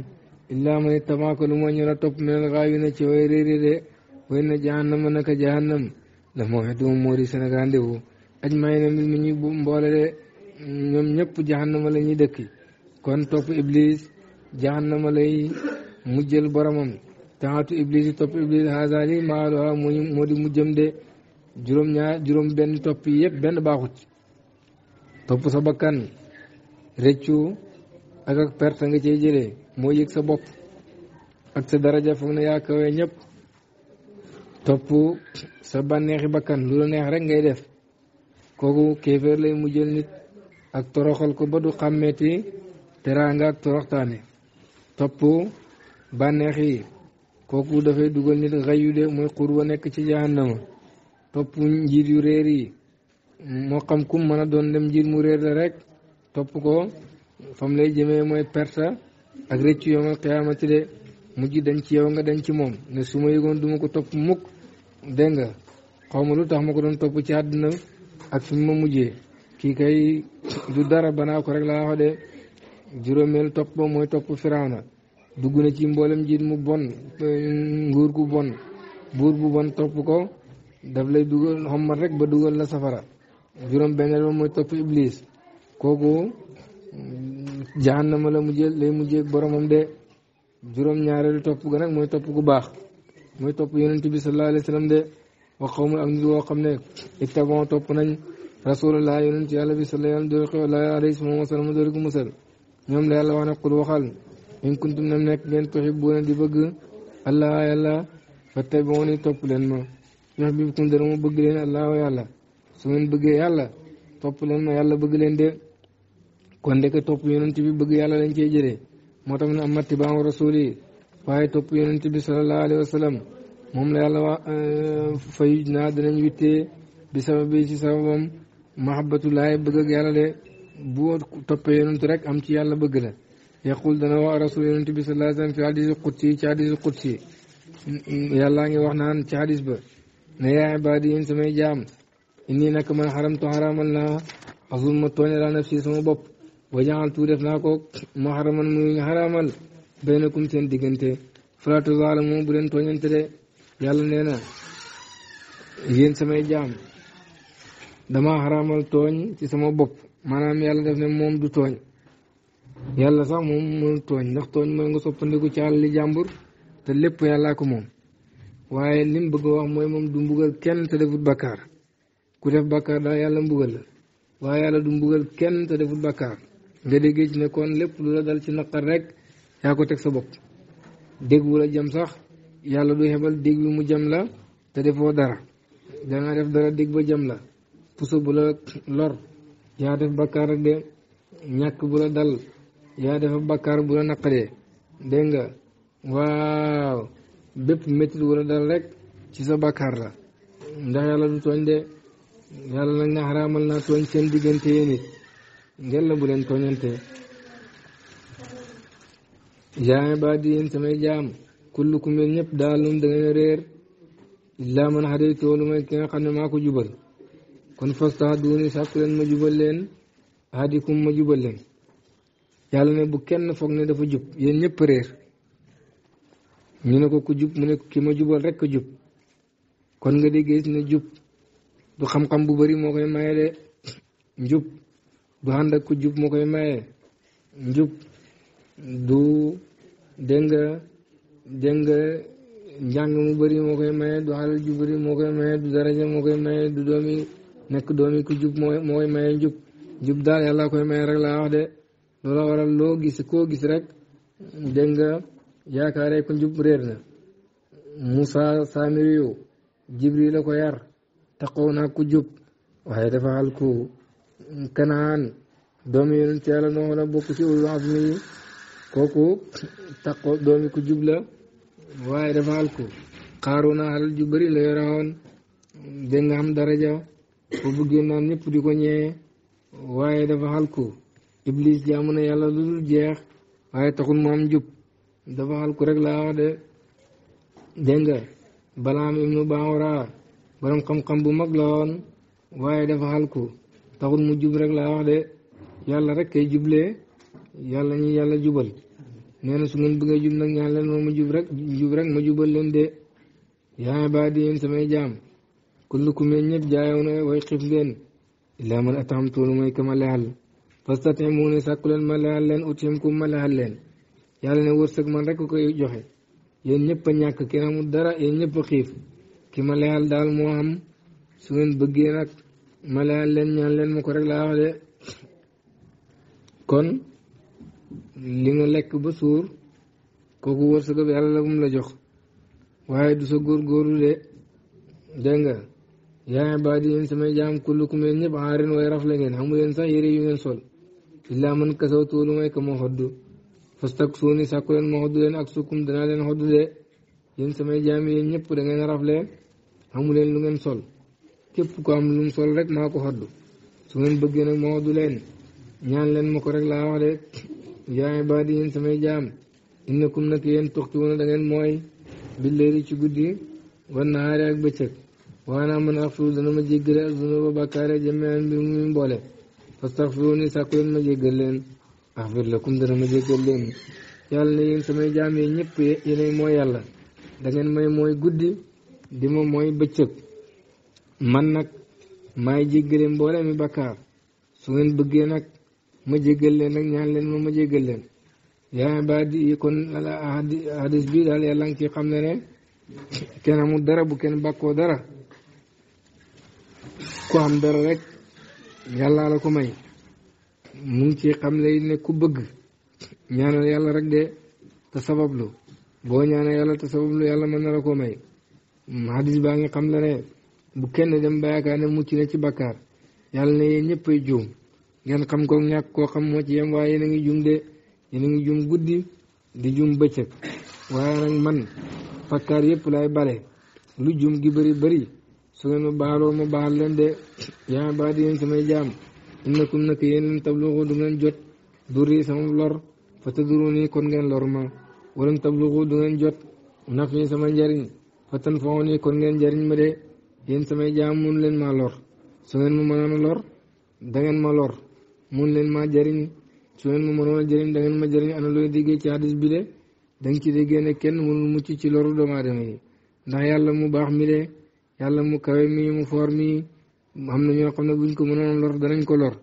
illaa man ittabaaka lu mooy ñu la topp mel xaayu na ci way réeré de way la mooy doomu moo di Sénégal ndewu aj may na mi ñu mboole de ñoom ñëpp jahannama la ñuy dëkki kon topp iblis jahannama lay mujjël boromam taatu iblis yi topp iblis haasa li maaluha mu moo di mujjëm de juróom ñaar juróom benn topp yi yëpp benn baaxut topp sa bakkan rëccu ak ak perte nga cee jëlee moo yëg sa bopp ak sa daraja foog na yaa kawee ñëpp topp sa bànneexi bakkan lu la neex rek ngay def kooku kéeféer lay mujjël nit ak toroxal ko ba du xàmmeeti teraanga ak toroxtaane topp bànneex yi kooku dafay dugal nit xayu de mooy xur wa nekk ci jahannama topp njiit yu réer yi moo xam ku mën a doon dem njiit mu réer la rek topp ko fam lay jëmee mooy perte ak rëccu yomal xiyaamati de mujj dañ ci yow nga dañ ci moom ne su ma yëgoon duma ko topp mukk dégg nga xaw ma lu tax ma ko doon topp ci àdduna ak fi ma mujjee kii kay du dara banaa ko rek laa wax de juróomeel topp mooy topp firawna dugg na ci mboolem jiit mu bon nguur gu bon buur bu bon topp ko daf lay dugal xommat rek ba dugal la safara juróom benneel ba mooy topp iblis kooku jahannama la mujjee lay mujjee boromam de juróom ñaareelu topp ga nag mooy topp gu baax mooy topp yonent bi sallallahu alayhi wa sallam de wa qawmun ak nit woo xam ne ittabon topp nañ rasulullah yonent yàlla bi sallallahu alayhi wa sallam doole alayhi salaam wa sallam doole ko musal ñoom la yàlla wax ne qul waxal in kuntum nam nekk ngeen tuhibbuuna di bëgg allah yàlla fattabi'uuni topp leen ma yuhbibkum dara mu bëgg leen allah yàlla su yàlla topp leen ma yàlla bëgg leen de kon ndeke topp yonent bi bëgg yàlla lañ cee jëlee moo tax ne am rasuli waaye topp yonent bi sallallahu alayhi wa moom la yàlla wax euh, fayuj naa danañ wittee bi sababi ma sababam mahabbatullahi bëgg ak yàlla de boo toppee yonent rek am ci yàlla bëgg la yaqul dana wax rasul yonent bi sallallahu alayhi wa sallam fi hadis qudsi qudsi yàllaa ngi wax naan ci hadis ba ne yaa ibaadi yéen samay jaam inni nak man xaramtu xaramal naa azulma tooñ ala nafsi sama bopp wajaxal tu def naa ko muharraman muy xaramal baynakum seen diggante fala moom bu leen tooñante de yàlla nee na yéen samay jaam dama xaraamal tooñ ci sama bopp maanaam yàlla def ne moom du tooñ yàlla sax moom mënul tooñ ndax tooñ mooy nga soppandiku ci àll li jàmbur te lépp yàllaa ko moom waaye li mu bëgg wax mooy moom du mbugal kenn te defut bakkaar ku def bakkaar daal yàlla mbugal la waaye yàlla du mbugal kenn te defut bakkaar nga déggee ci nekkoon lépp lu la dal ci naqar rek yaa ko teg sa bopp dégg wu la jëm sax yàlla du xebal dégg bi mu jëm la te defoo dara danga def dara dégg ba jëm la puso bu la lor yaa def bakkaar de ñàkk bu la dal yaa def bakkaar bu la naqaree dégg nga waaw bépp métti bu la dal rek ci sa bakkaar la ndax yàlla du tooñ de yàlla nag na xaraamal naa tooñ seen diggante yéen it ngeen bu leen tooñante yaa ibaadi yéen samay jaam kullukum yéen ñëpp daalum da ngeen réer illaa man hadaytoo lu may ki xam ne maa ko jubal kon fastahduni sàkku leen ma jubal leen hadikum ma jubal leen yàlla ne bu kenn foog ne dafa jub yéen ñépp réer ñu ne ko ku jub mu ne ki ma jubal rek ko jub kon nga déggee ne jub du xam-xam bu bari moo koy maye de njub du ànd ak ku jub moo koy maye njub du dégg nga njàng mu bëri moo koy maye du xalal ju bëri moo koy maye du daraja moo koy maye du doomi nekk doomi ku jub moo moo koy maye njub jub daal yàlla koy maye rek laa wax de loola waral loo gis koo gis rek dégg nga yaakaaree ko njub réer na Moussa Samiri yow Jibril la ko yar taxaw naa ku jub waaye dafa xal ku Kanaan doomi yonent yàlla noonu la bokk ci ulul azmi kooku taqoo doomi ku jub la waaye dafa alku xaaruna alal ju bëri la yorewoon dégg am daraja bu bëggee naan ñëpp di ko ñëwee waaye dafa alku iblis jaamu na yàlla lu dul jeex waaye taxul mu am jub dafa alku rek laa wax de dégg balaam ibnu baawra borom xam-xam bu mag la woon waaye dafa alku taxul mu jub rek laa wax de yàlla rek kay jublee yàlla ñu yàlla jubal nee na su ngeen bëggee jub nag ñaan leen moom ma jub rek ma jubal leen de yaa ibaadi yéen samay jaam kullukum yéen ñëpp jaayow na way xiif ngeen illaa man atamtoolu mooy ka ma lehal fastatimuuni sàkku leen ma lehal leen utim ku ma lehal leen yàlla ne wërsëg rek koy joxe yéen ñàkk kenn dara yéen ñëpp xiif ki ma lehal daal moo am su ngeen bëggee nag ma lehal leen ñaan leen ma ko rek laa wax de kon li nga lekk ba suur kooku wërsëg bi yàlla la mu la jox waaye du sa góor góorgóorlu de dégg nga yaa ibaadi yéen samay jaam kullukum yéen ñëpp aarin way raf la ngeen xamu leen sax yére yu ngeen sol illaa man kasawtu lu may ko ma xoddu leen ak sukkum danaa leen xoddu de yéen samay jaam yéen ñëpp da ngeen raf leen xamu lu ngeen sol képp ko am lu sol rek maa ko xoddu su ngeen bëggee nag ma xoddu leen ñaan leen ma ko rek laa wax de yaa ibaadi yéen samay jaam innakum nag yéen tuxtiwuna da ngeen mooy billeeri ci guddi war nahaari ak bëccëg waanaa man axfiru ma jéggal ak zunuba ma jéggal leen axfir lakum dana ma jéggal leen yàlla ne yéen samay jaam yéen ñëpp yéenay mooy yàlla da ngeen may mooy guddi di ma mooy bëccëg man nag maay jéggale mboole mi bàkkaar su ngeen bëggee nag ma jéggal leen nag ñaan leen moom ma jéggal leen yaa ibaadi hadis bi daal yàlla nga ci xam ne ne kenn amul dara bu kenn bàkkoo dara ku am dara rek yàlla la ko may mu ngi ci xam lay ne ku bëgg ñaanal yàlla rek de te sabablu boo ñaanal yàlla te sabablu yàlla mën na la ko may hadis baa ngi xam ne ne bu kenn dem ba yaakaar ne mucc na ci bakkaar yàlla ne yéen ñëppay juum ngeen xam ko ñàkk koo xam moo ci yem waaye yéen a ngi jum de yéen ngi jum guddi di jum bëccëg waaye nag man fakkaar yépp laay bare lu jum gi bëri bëri su ngeen ma baaloo ma baal leen de yaa baal di yéen samay jaam innakum nak yéen tabluxu du ngeen jot duri sama lor fa taduruni kon ngeen lor ma walan tabluxu du ngeen jot naf yi sama njariñ fa tan foo nii kon ngeen njariñ ma de yéen samay jaam mun leen maa lor su ngeen ma lor da ngeen ma lor mun leen ma jariñ su leen ma mënoon a jëriñ da ngeen ma jëriñ ana looy déggee ci hadis bi de da nga ci déggee ne kenn mënul mucc ci loru doomu aadama yi ndax yàlla mu baax mi de yàlla mu kawe mi mu foor mi am na ñoo xam ne buñ ko mënoon lor danañ ko lor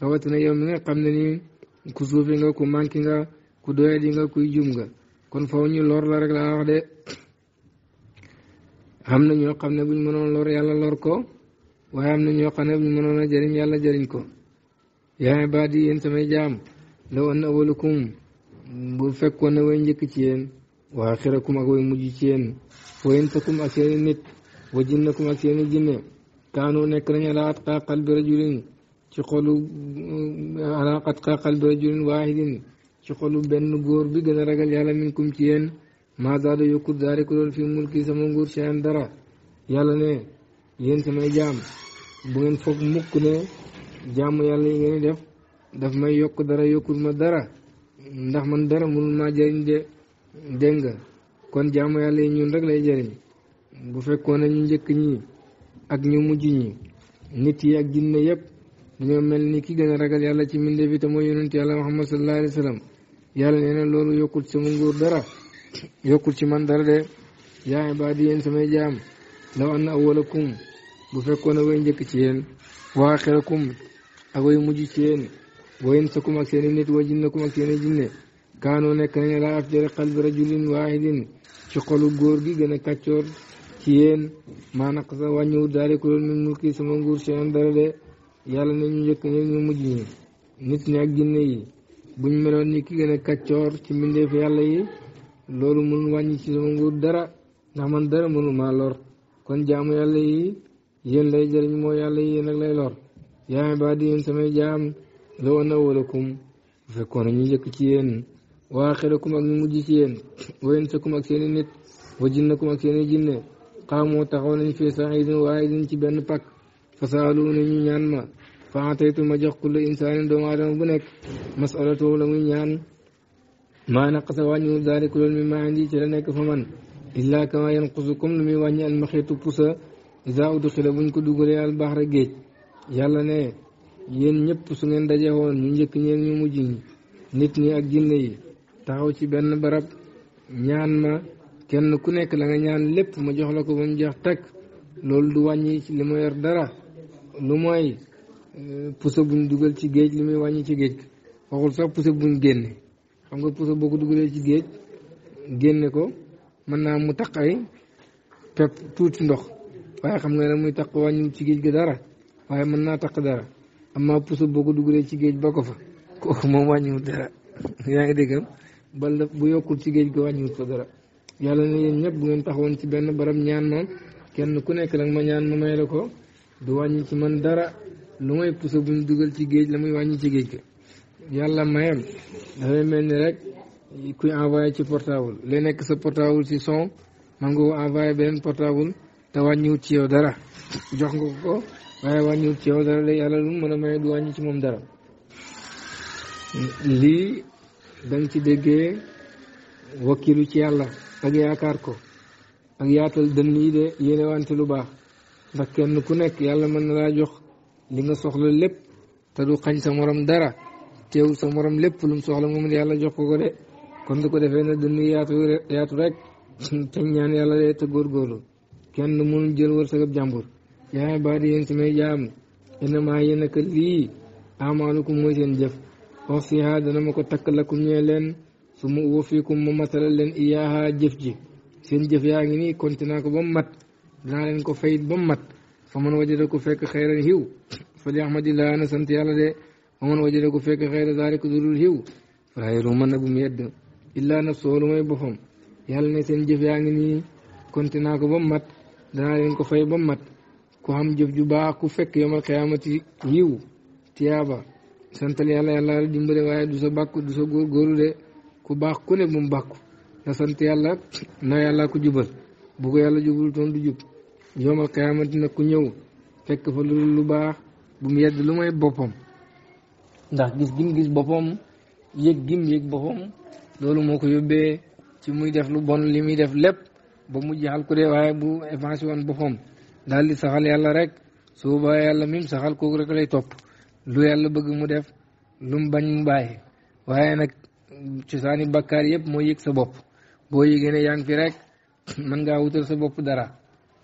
rawatina yow mi nga xam ne nii ku suufi nga ku manqué nga ku kuy jum kon faw ñu lor la rek laa na ñoo xam ne buñ mënoon lor yàlla lor ko waaye am na ñoo xam ne buñ mënoon a jëriñ yàlla jariñ ko yaa ibaadi yéen samay jaam law an awalakum bu fekkoon ne way njëkk ci yéen wa axirakum ak way mujj ci yéen wa insakum ak seeni nit wa jinnakum ak seeni jinne kaanu nekk nañu ala atqa qalbi rajulin ci xolu euh, ala atqa xolu benn góor bi gën a ragal yàlla minkum ci yéen maa zaada yokkut zaaliku loolu fi mulki sama nguur ci dara yàlla ne yéen samay jaam bu ngeen mukk ne jaamu yàlla yi ngeen def daf may yokk dara yokkul ma dara ndax man dara mënul maa jëriñ de dégg nga kon jaamu yàlla yi ñun rek lay jëriñ bu fekkoon ne ñu njëkk ñi ak ñu mujj ñi nit yi ak jinne yëpp dañoo mel ni ki gën a ragal yàlla ci mbindeef bi te mooy yonent yàlla Muhammad sallallahu alayhi wa yàlla nee na loolu yokkul sama nguur dara yokkul ci man dara de yaa ibaadi yéen samay jaam law anna awwalakum bu fekkoon ne way njëkk ci yéen wa aaxirakum ak way mujj ci yéen wayen sakum ak seen i nit wa jinnakum ak seen i jinne kaanoo nekk nañ laa afjara qalbi rajulin waahidin ci xolu góor gi gën a kàccoor ci yéen maa naqasa wàññiwut daal ku ko min sama nguur seen dara de na njëkk mujj ñi nit buñ meloon ni ki kàccoor ci mbindeef yàlla yi loolu mun wàññi ci sama nguur dara ndax man dara mënu maa lor kon jaamu yàlla yi yéen lay jëriñ moo yàlla yi yéen ak lay lor yaa ibaadi yéen samay jaam law anna awwalakum bu fekkoon ñu njëkk ci yéen wa aaxirakum ak ñu mujj ci yéen wa insakum ak seeni nit wa jinnakum ak seeni jinne xaamoo taxaw nañ fii saidin waahidin ci benn pak fasaalu nañu ñaan ma fa ataytu ma jox kulla insaanin doomu aadama bu nekk masalatu la muy ñaan maa naqasa wàññiwul daaliku loolu mi maa indi ci la nekk fa man illaa kama yanqusu comme lu muy wàññi almaxiitu pusa isa udxila buñ ko dugalee albaxra géej yàlla ne yéen ñëpp su ngeen daje woon ñu njëkk ñeen ñu mujj ñi nit ñi ak jinne yi taxaw ci benn barab ñaan ma kenn ku nekk la nga ñaan lépp ma jox la ko ba mu jeex takk loolu du wàññi ci li ma yor dara lu mooy euh, puso dugal ci géej li muy wàññi ci géej waxul sax puso génne xam nga puse boo ko dugalee ci géej génne ko mën naa mu taq ay pepp tuuti ndox waaye xam nga ne muy taq wàññi ci géej gi dara waaye mën naa takk dara amaa puso boo ko dugalee ci géej bokk fa kooku moom wàññiwut dara yaa ngi dégg bal bu yokkul ci géej gi wàññiwut fa dara yàlla ne yéen ñëpp bu ngeen taxawoon ci benn barab ñaan ma kenn ku nekk nag ma ñaan ma may la ko du wàññi ci man dara lu may puso bu dugal ci géej la muy wàññi ci géej gi yàlla mayam dafay mel ni rek kuy envoyé ci portable la nekk sa portable ci son man nga ko envoyé beneen portable te wàññiwut ci yow dara jox nga ko. waaye wàññiwut ci yow dara la yàlla lu mu a may du wàññi ci moom dara lii danga ci déggee wakkilu ci yàlla ak yaakaar ko ak yaatal dënn yi de yéene wante lu baax ndax kenn ku nekk yàlla mën na laa jox li nga soxla lépp te du xañ sa morom dara teewul sa morom lépp lu mu soxla moom yàlla jox ko ko de kon du ko defee na dënn yaatu yaatu rek te ñaan yàlla de te góorgóorlu kenn mu jël wërsëg ab jàmbur yaa ibaadi yéen samay jaamu innamaa yéen ak lii amaalukum mooy seen jëf wax si ha dana ko takk lakum ñee leen su ma wafikum ma matala leen iyaaha jëf ji seen jëf yaa ngi nii konti naa ko ba mu mat dinaa leen ko fayit ba mu mat fa man wajada ko fekk xayran hiw fa di ahmadillah na sant yàlla de ko fekk xayra zaalika lu dul hiw falaa yaluumanna yaa ngi nii naa ko bam mu mat danaa leen ko fay ba mu mat ku xam jëf ju baax ku fekk yomal xiyaamati yiw tiyaaba santal yàlla yàlla la dimbale waaye du sa bàkku du sa góor de ku baax ku ne bu mu bàkku yàlla na yàlla ko jubal bu yàlla jubul toon du jub yomal xiyaamati ku ñëw fekk fa lu baax bu mu yedd boppam ndax gis gim gis boppam yëg gim yëg boppam loolu moo ko yóbbee ci muy def lu bon li muy def lépp ba mu jaxal ko de waaye bu évancé woon boppam daal di saxal yàlla rek su ba yàlla mim saxal kooku rek lay topp lu yàlla bëgg mu def lu bañ mu bàyyi waaye nag cosaani bakkaar yëpp mooy yëg sa bopp boo yëgee ne yaa rek mën ngaa wutal sa bopp dara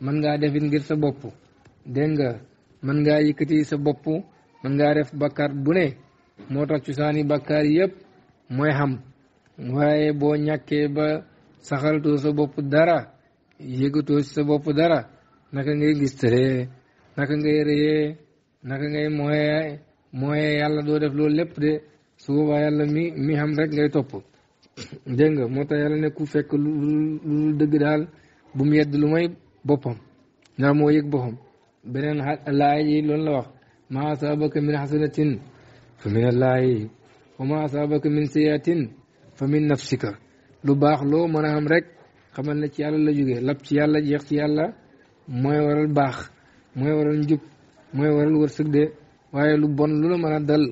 mën ngaa defit ngir sa bopp dégg nga mën ngaa yëkkati sa bopp mën ngaa def bakkaar bu ne moo tax cosaani bakkaar yëpp mooy xam waaye boo ñàkkee ba saxaltoo sa bopp dara yëgatoo sa bopp dara naka ngay gistëree naka ngay rëyee naka ngay mooyee mooyee yàlla doo def loolu lépp de su boobaa yàlla mi mi xam rek ngay topp dégg nga moo tax yàlla ne ku fekk lu dëgg daal bu mu yedd lu may boppam ndax moo yëg boppam beneen laay yi loolu la wax ma asaabaka min xasanatin fa min allaahi wa ma asaabaka min sayyiatin fa min nafsika lu baax loo mën a xam rek xamal ne ci yàlla la jógee lap ci yàlla jeex ci yàlla mooy waral baax mooy waral njub mooy waral wërsëg de waaye lu bon lu la mën dal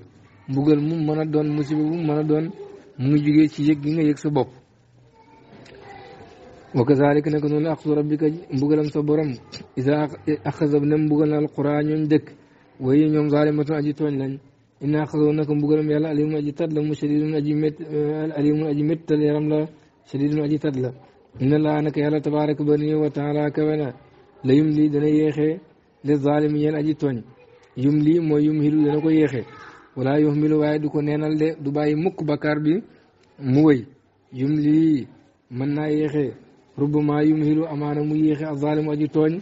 mbugal mu mën a doon mu bu mën a doon mu ngi jugee ci yëg gi nga yëg sa bopp wa kazalika nag noonu axsu rabbika mbugalam sa borom isa axasab ne mbugal na alqura ñooñ dëkk waaye ñoom zaalimatun aji tooñ lañ inna axasoo naka mbugalam yàlla alimun aji tat la mu shadidun aji aji yaram la tat la inna laa naka yàlla tabaraka bani wa taala kawena la yum lii dana yéexee li zaalimi ñeen aji tooñ yum lii mooy yum hilu dana ko yéexee wala yum hilu waaye du ko neenal de du bàyyi mukk bakkaar bi mu wëy yum li mën naa yéexee rubbamaa yum hilu amaana mu yéexe azaalimu aji tooñ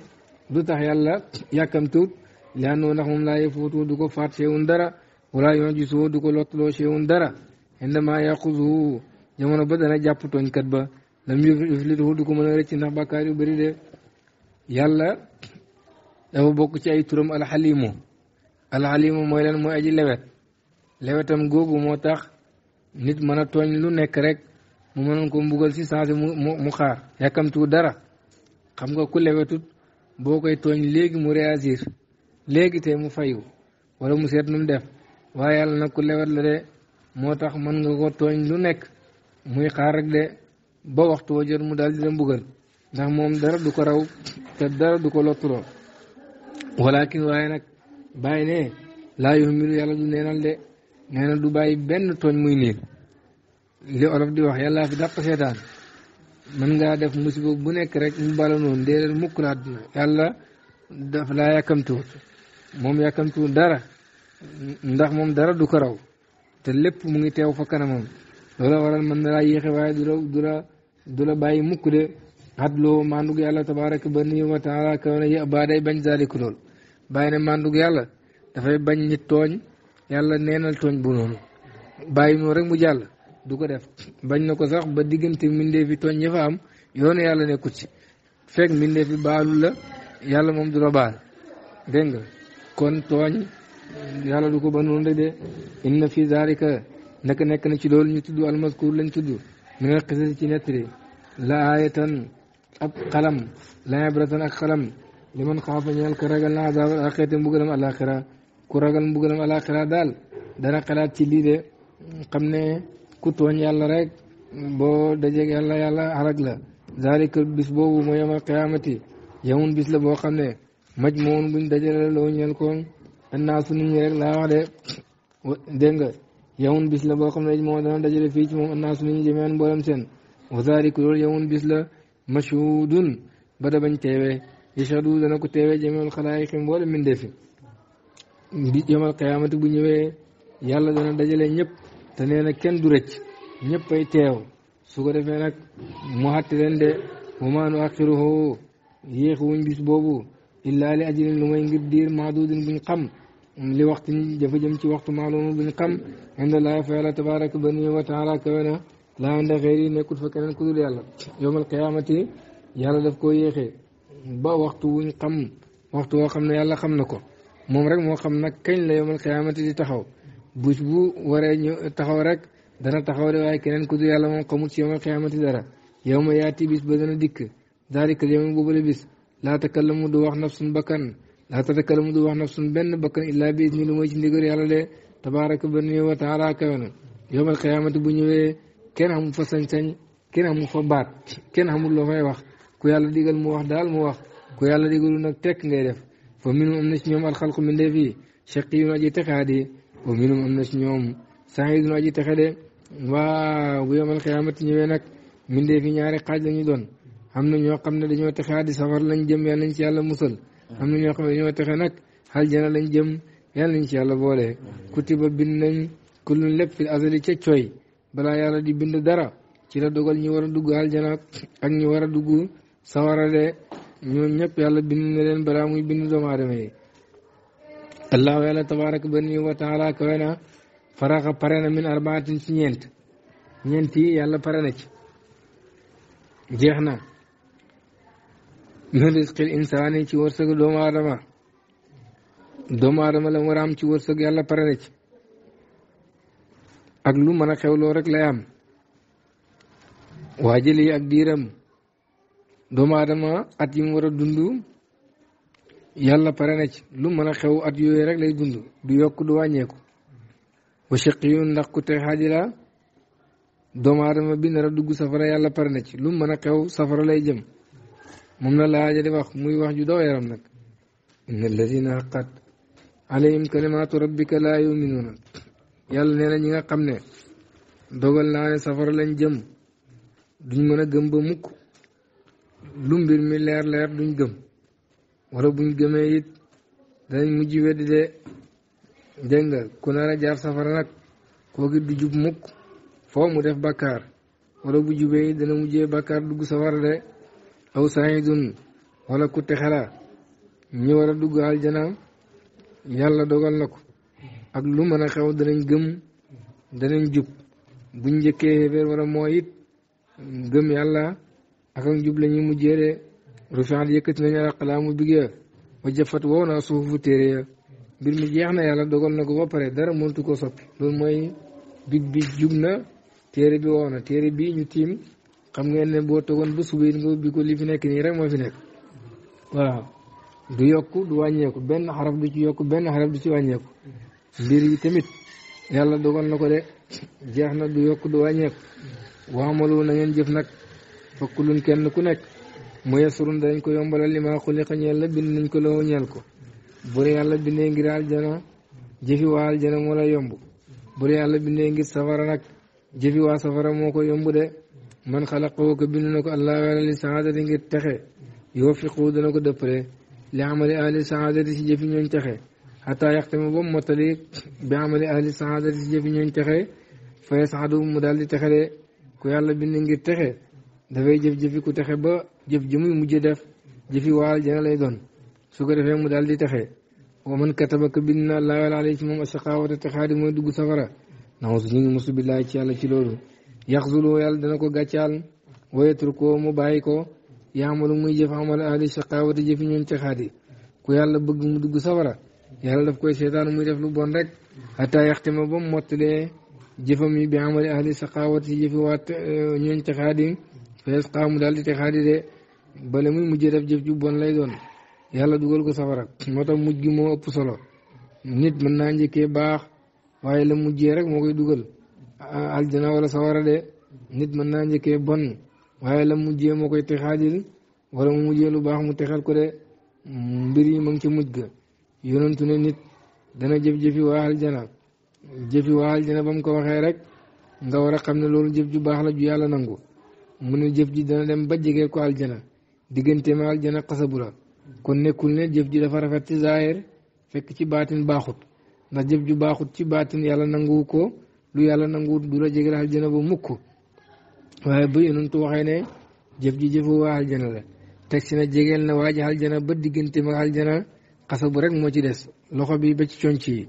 du tax yàlla yàkkamtuut liannoo ndax moom laa yefuutu du ko faat seewun dara wala yoon ji soo du ko lottaloo seewun dara indama yaqusuhu jamono ba dana jàpp tooñkat ba lam yuflituhu du ko mën a rëcc ndax yu bëri de yàlla dafa bokk ci ay turam alxalimu alxalimu mooy lan mooy aji lewet lewetam googu moo tax nit mën a tooñ lu nekk rek mu mënoon ko mbugal si sensé mu mu xaar yàkkamtu dara xam nga ku lewetut boo koy tooñ léegi mu réagir léegi te mu fayu walla mu seet nu def waaye yàlla nag ku lewet la de moo tax mën nga ko tooñ lu nekk muy xaar rek de ba waxtu wa mu daal di la mbugal ndax moom dara du ko raw te dara du ko lottuloo walakin waaye nag bàyyi ne laa yuhmilu yàlla du neenal de nee na du bàyyi benn tooñ muy niil li olof di wax yàllaa fi dàq seetaan mën ngaa def musiba bu nekk rek mu bala noonu déedéet mukk la àdduna yàlla daf laa yàkkamtuwut moom yàkkamtuwut dara ndax moom dara du ko raw lépp mu ngi teew fa kanamam loola waral mën na laa yéexe waaye du la du mukk de xadloo mandug yàlla tabaraka bani wa taala kaw na yi abaa day bañ zaliku loolu bàyyi ne mandug yàlla dafay bañ nit tooñ yàlla neenal tooñ bu noonu bàyyi noonu rek mu jàll du ko def bañ na ko sax ba diggante mbindee fi tooñ ña fa am yoonu yàlla nekkut ci fekk mbindee fi baalu la yàlla moom du la baal nga kon tooñ yàlla du ko ba noonu rek de inna fi zalika naka nekk na ci loolu ñu tudd almaskur lañ tudd mi nga xisasi ci nettali la aayatan ab xalam laa ibratan ak xalam li man xaafa ñeel ko ragal na azabal axirati mbugalam alaxira ku ragal mbugalam daal dana xalaat ci lii de xam ne ku tooñ yàlla rek boo dajeeg yàlla yàlla xalag la zalika bis boobu mooy yomal qiyaamati yamun bis la boo xam ne maj moon buñ dajale loo ñeel ko annaasu nit ñi rek laa wax de dégg nga boo xam ne maj moon dana dajale fii moom annaasu nit ñi jëmeen mboolem wa zalika loolu yamun bis la mashhudun ba da bañ teewee yashhadu dana ko teewee jamiul xalaayiqi mboolem mbindeefi bi yomal qiyaamati bu ñëwee yàlla dana dajale ñëpp te nee na kenn du rëcc ñëpp ay teew su ko defee nag mu xatti leen de wa maa nu axiruhu yéex wuñ bis boobu illaa li ajalin lu may ngir diir mahdudin buñ xam li waxtu dafa jëm ci waxtu maalumu buñ xam inda laahi fa yàlla tabaraka bani wa taala kawe laa inda xëyri nekkul fa keneen ku dul yàlla yowmal qiyaamati yàlla daf koo yéexee ba waxtu wuñ xam waxtu woo xam ne yàlla xam na ko moom rek moo xam na kañ la yowmal qiyaamati di taxaw bés bu waree ñu taxaw rek dana taxaw de waaye keneen ku dul yàlla moom xamut si yowmal qiyaamati dara yow ma yaati bis ba dana dikk daalika yowma boobale bis laa takallamu du wax nafsun bakkan du wax nafsun benn bakkan illaa bi izni lu mooy ci ndigal yàlla de tabaaraka ba nuyu wa taala kawe na كين هم فسنج سنج هم فبات كين هم الله في وق كويا الذي قال موه دال موه كويا الذي يقول نك تك نعرف فمنهم أنس نعم الخلق من دفي شقي نجي تكادي ومنهم أنس نعم سعيد نجي تكادي وا ويوم القيامة نجيبك من دفي نعرف قاد نجدون هم نجوا قمنا نجوا تكادي سفر لن جم يا نجى الله مسل هم نجوا قمنا نجوا تكادي هل جنا لن جم يا نجى الله بوله كتب بالنج كل لب في الأزل تشوي balaa yàlla di bind dara ci la dogal ñi war a dugg aljana ak ñi war a dugg sawara de ñoom ñëpp yàlla bind na leen balaa muy bind doomu aadama yi allahu yàlla tabaraka ba nii wa taala kawe na pare na min arbaatin ci ñeent ñeent yi yàlla pare na ci jeex na min risqil insaani ci wërsëg doomu aadama doomu adama la war a am ci wërsëg yàlla pare ci ak lu mën a xewloo rek lay am waa jëli ak diiram doomu aadama at yi mu war a dund yàlla pare na ci lu mën a xew at yooyu rek lay dund du yokk du wàññeeku wa shaqiyun ndax ku texe xaji la doomu aadama bi nar a dugg safara yàlla pare na ci lu mën a xew safara lay jëm moom na laaja di wax muy wax ju daw yaram nag inna alladina haqqat alayhim kalimatu rabbika laa yàlla nee na ñi nga xam ne dogal naa ne safara lañ jëm duñ mën a gëm ba mukk lu mbir mi leer leer duñ gëm wala buñ gëmee it danañ mujj weddi de dégg nga ku nar a jaar safara nag koo gi du jub mukk foo mu def bakkaar wala bu jubee it dana mujjee bakkaar dugg safara de aw saidun wala ku texela ñu war a dugg aljana yàlla dogal na ko ak lu mën a xew danañ gëm danañ jub buñ njëkkee xéeféer wala moo it gëm yàlla ak ak jub la ñuy mujjee de rufiat yëkkati nañu alaqalaamu bigee wa jëfat wow naa suufu téere ya mbir mi jeex na yàlla dogal na ko ba pare dara mëntu ko soppi loolu mooy big bi jub na téere bi wow na téere bi ñu tiim xam ngeen ne boo togoon ba suba it nga ubbi ko li fi nekk nii rek moo fi nekk waaw du yokk du wàññeeku benn xaraf du ci yokk benn xaraf du ci wàññeeku mbir yi tamit yàlla dogal na ko de jeex na du yokk du wàññeeku waamalu na ngeen jëf nag fakkulun kenn ku nekk mu yasurun dañ ko yombalal li maa xuliqa bind nañ ko la ñeel ko bu yàlla bindee ngir aljana jëfi waa yomb yàlla bindee ngir safara nag jëfi waa safara moo ko yomb de man xalaqoo ko bind na ko allah wala li saadati ngir texe yoo fiqu dana ko dëppale li amali ahli saadati si jëfi ñooñ texe xataa yaxtama ba mu mottali bi amali ahli saadati si jëfi ñooñ texe fa yasaadu mu daal di texe de ku yàlla bind ngir texe dafay jëf-jëfi ku texe ba jëf ji muy mujj def jëfi waal jana lay doon su ko defee mu daal di texe wa man katabaka bind na laa yàlla alay ci moom asaqaawata texaadi mooy dugg safara naxu su ñu ngi mosu billaay ci yàlla ci loolu yaxzulu dana ko gàccaal wayetur ko mu bàyyi ko yaamalu muy jëf amal ahli saqaawata jëfi ñooñ texaadi ku yàlla bëgg mu dugg safara yàlla daf koy seetaan muy def lu bon rek xataa yaxtima ba mu mottalee jëfam yi bi amali ahli saqaawat si jëfi waat ñooñ texaadi eh, fees xaamu daal di texaadi de bale muy mujjee def jëf ju bon lay doon yàlla dugal ko safara moo tax mujj gi moo ëpp solo nit mën naa njëkkee baax waaye la mujjee rek moo koy dugal aljana wala sawara de nit mën naa njëkkee bon waaye la mujjee moo koy texaadil wala mu mujje lu baax mu texal ko de mbir yi ma ci mujj ga yonentu ne nit dana jëf-jëfi waa aljana jëfi waa aljana ba mu ko waxee rek nga war a xam ne loolu jëf ju baax la ju yàlla nangu mu ne jëf ji dana dem ba jege ko aljana digganteem aljana xasabu la kon nekkul ne jëf ji dafa rafet ci zaahir fekk ci baatin baaxut ndax jëf ju baaxut ci baatin yàlla nanguwu ko lu yàlla nanguwut du la jege aljana ba mukk waaye ba yonentu waxee ne jëf ji jëfu waa aljana la teg si na jegeel na waa ji aljana ba digganteem aljana xasabu rek moo ci des loxo bi ba ci conc yi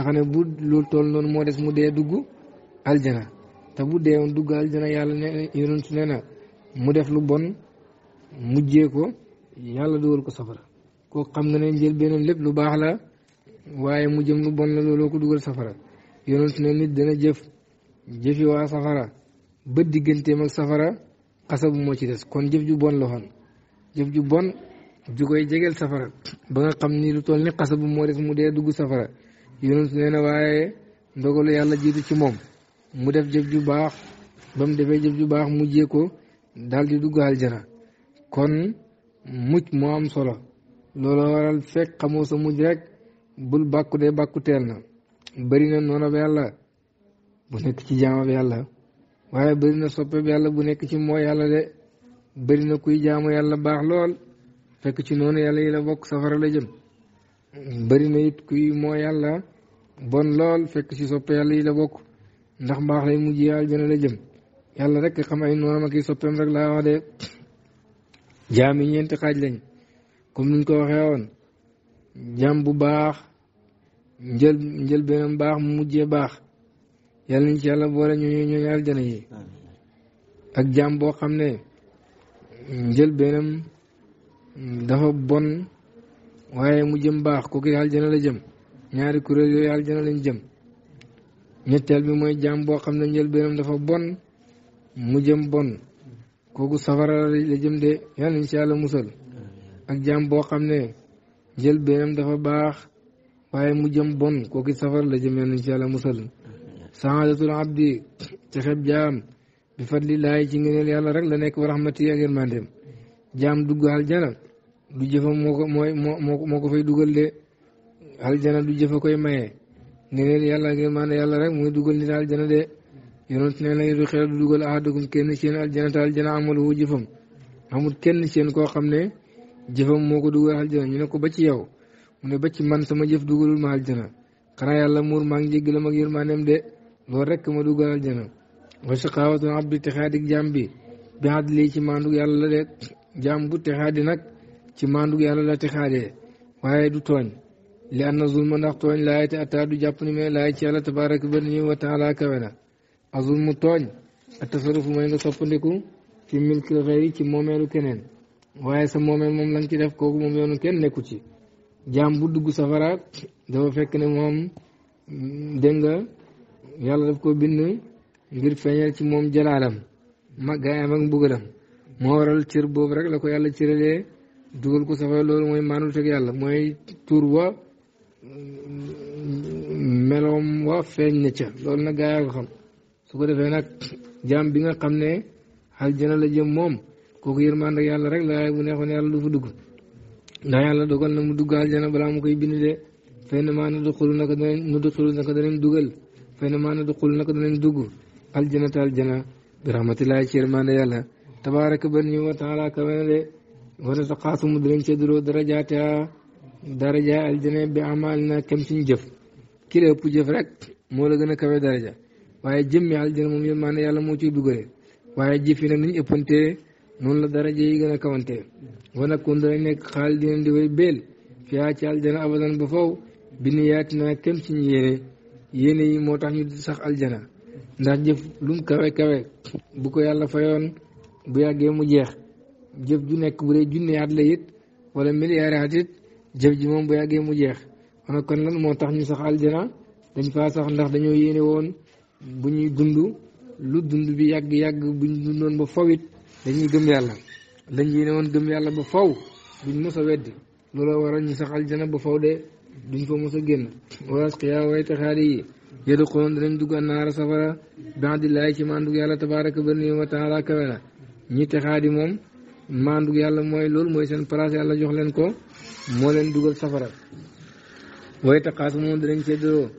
nga ne bu loolu toll moo des mu dee dugg aljana te bu dee woon dugg aljana yàlla ne yonent ne na mu def lu bon mujjee ko yàlla dugal ko safara koo xam nga ne njël beneen lépp lu baax la waaye mu jëm lu bon la looloo ko dugal safara yonent ne nit dana jëf jëfi waa safara ba digganteem ak safara xasabu moo ci des kon jëf ju bon la jëf ju bon jugóy jegal safara ba nga xam ni lu toll ni xasa bu moo def mu dee dugg safara yonent nee na waaye ndogalu yàlla jiitu ci moom mu def jëf ju baax ba mu defee jëf ju baax mujjee ko daal di dugg aljana kon mucc moo am solo loolu waral fekk xamoo sa mujj rek bul bàkku de bàkku teel na bëri na noonab yàlla bu nekk ci jaamab yàlla waaye bëri na soppeb yàlla bu nekk ci moo yàlla de bëri na kuy jaamu yàlla baax lool fekk ci noonu yàlla yi la bokk safara la jëm bëri na it kuy moo yàlla bon lool fekk ci soppe yàlla yi la bokk ndax mbaax lay mujj yàlla jëna la jëm yàlla rek xam ay noonam ak i soppeem rek laa wax de jaam yi ñeenti xaaj lañ comme niñ ko waxee woon jaam bu baax njël njël baax mu mujjee baax yàlla nañ ci yàlla boole ñooñu ñooñu aljana yi ak jaam boo xam ne njël beneen dafa bon waaye mu jëm baax kooku aljana la jëm ñaari kuréel yooyu aljana lañ jëm ñetteel bi mooy jaam boo xam ne njëlbéenam dafa bon mu jëm bon kooku safara la jëm de yàlla musal ak jaam boo xam ne njëlbéenam dafa baax waaye mu jëm bon kooku safara la jëm yàlla incha allah musal saadatul abdi ci xeb jaam bi fadlilaahi ci ngëneel yàlla rek la nekk wa rahmati ak yërmandeem jaam dugg aljana du jëfam moo ko mooy moo moo ko fay dugal de aljana du jëfa koy maye ne leen yàlla ngeen maan yàlla rek mooy dugal nit aljana de yonent ne lañ du xel du dugal ahadakum kenn seen aljana te aljana amalu jëfam amul kenn seen koo xam ne jëfam moo ko dugal aljana ñu ne ko ba ci yow mu ne ba ci man sama jëf dugalul ma aljana xanaa yàlla muur maa ngi jéggalam ak yërmandeem de loolu rek ma dugal aljana wa saqaawatun abdi texaadik jaam bi bi xadd lii ci maandu yàlla de jaam bu texaadi nag ci maandu yàlla la texaadee waaye du tooñ li anna zulma ndax tooñ laay te ataa du jàpp ni mais laay ci yàlla tabaaraka ba ni wa taala kawe na azulmu tooñ atasarufu mooy nga soppandiku ci milki xëyri ci moomeelu keneen waaye sa moomeel moom la ci def kooku moom yoonu kenn nekku ci jaam bu dugg safara dafa fekk ne moom dégg nga yàlla daf ko bind ngir feeñal ci moom jalaalam màggaayam ak mbugalam moo waral cër boobu rek la ko yàlla cëralee dugal ko safara loolu mooy maanul teg yàlla mooy tur wa meloom wa feeñ na ca loolu nag gaa xam su ko defee nag jaam bi nga xam ne aljana la jëm moom kooku yërmande yàlla rek laay bu yàlla du fa dugg ndax yàlla dogal na mu dugg aljana balaa mu koy bind de fenn maa na duxul naka danañ nu duxul naka danañ dugal fenn maa na duxul naka danañ dugg aljana te aljana bi rahmatillahi ci yërmande yàlla tabaaraka ba ñu wa taala kawe na de wala taqaasumu di leen séddaloo darajaata daraja aljana bi amaal na kam suñ jëf ki la ëpp jëf rek moo la gën a kawe daraja waaye jëmmi aljana moom yéen maanaam yàlla moo ciy dugalee waaye jëf yi nag ni ñu ëppantee noonu la daraja yi gën a kawantee wala kon danañ nekk xaal dinañ di way beel fiyaa ci aljana abadan ba faw bi nu yaati naa kam suñ yéene yéene yi moo tax ñu sax aljana ndax jëf lum kawe kawe bu ko yàlla fayoon bu yàggee mu jeex jëf ju nekk bu dee junne at la it wala milliard at it jëf ji moom bu yàggee mu jeex ana kon lan moo tax ñu sax aljana dañ faa sax ndax dañoo yéene woon bu ñuy dund lu dund bi yàgg yàgg bu ñu dundoon ba faw it dañuy gëm yàlla lañ yéene woon gëm yàlla ba faw duñ mos a weddi looloo waral ñu sax aljana ba faw de duñ fa mos a génn wala xiyaa way taxaari yi yédu xoon danañ dugg annaara safara ba'dillahi ci mandug yàlla tabaraka wa taala kawe na ñi taxaari mandu yalla moy loolu moy sen place yalla jox len ko mo len dugal safara way taqaas moom danañ seddoo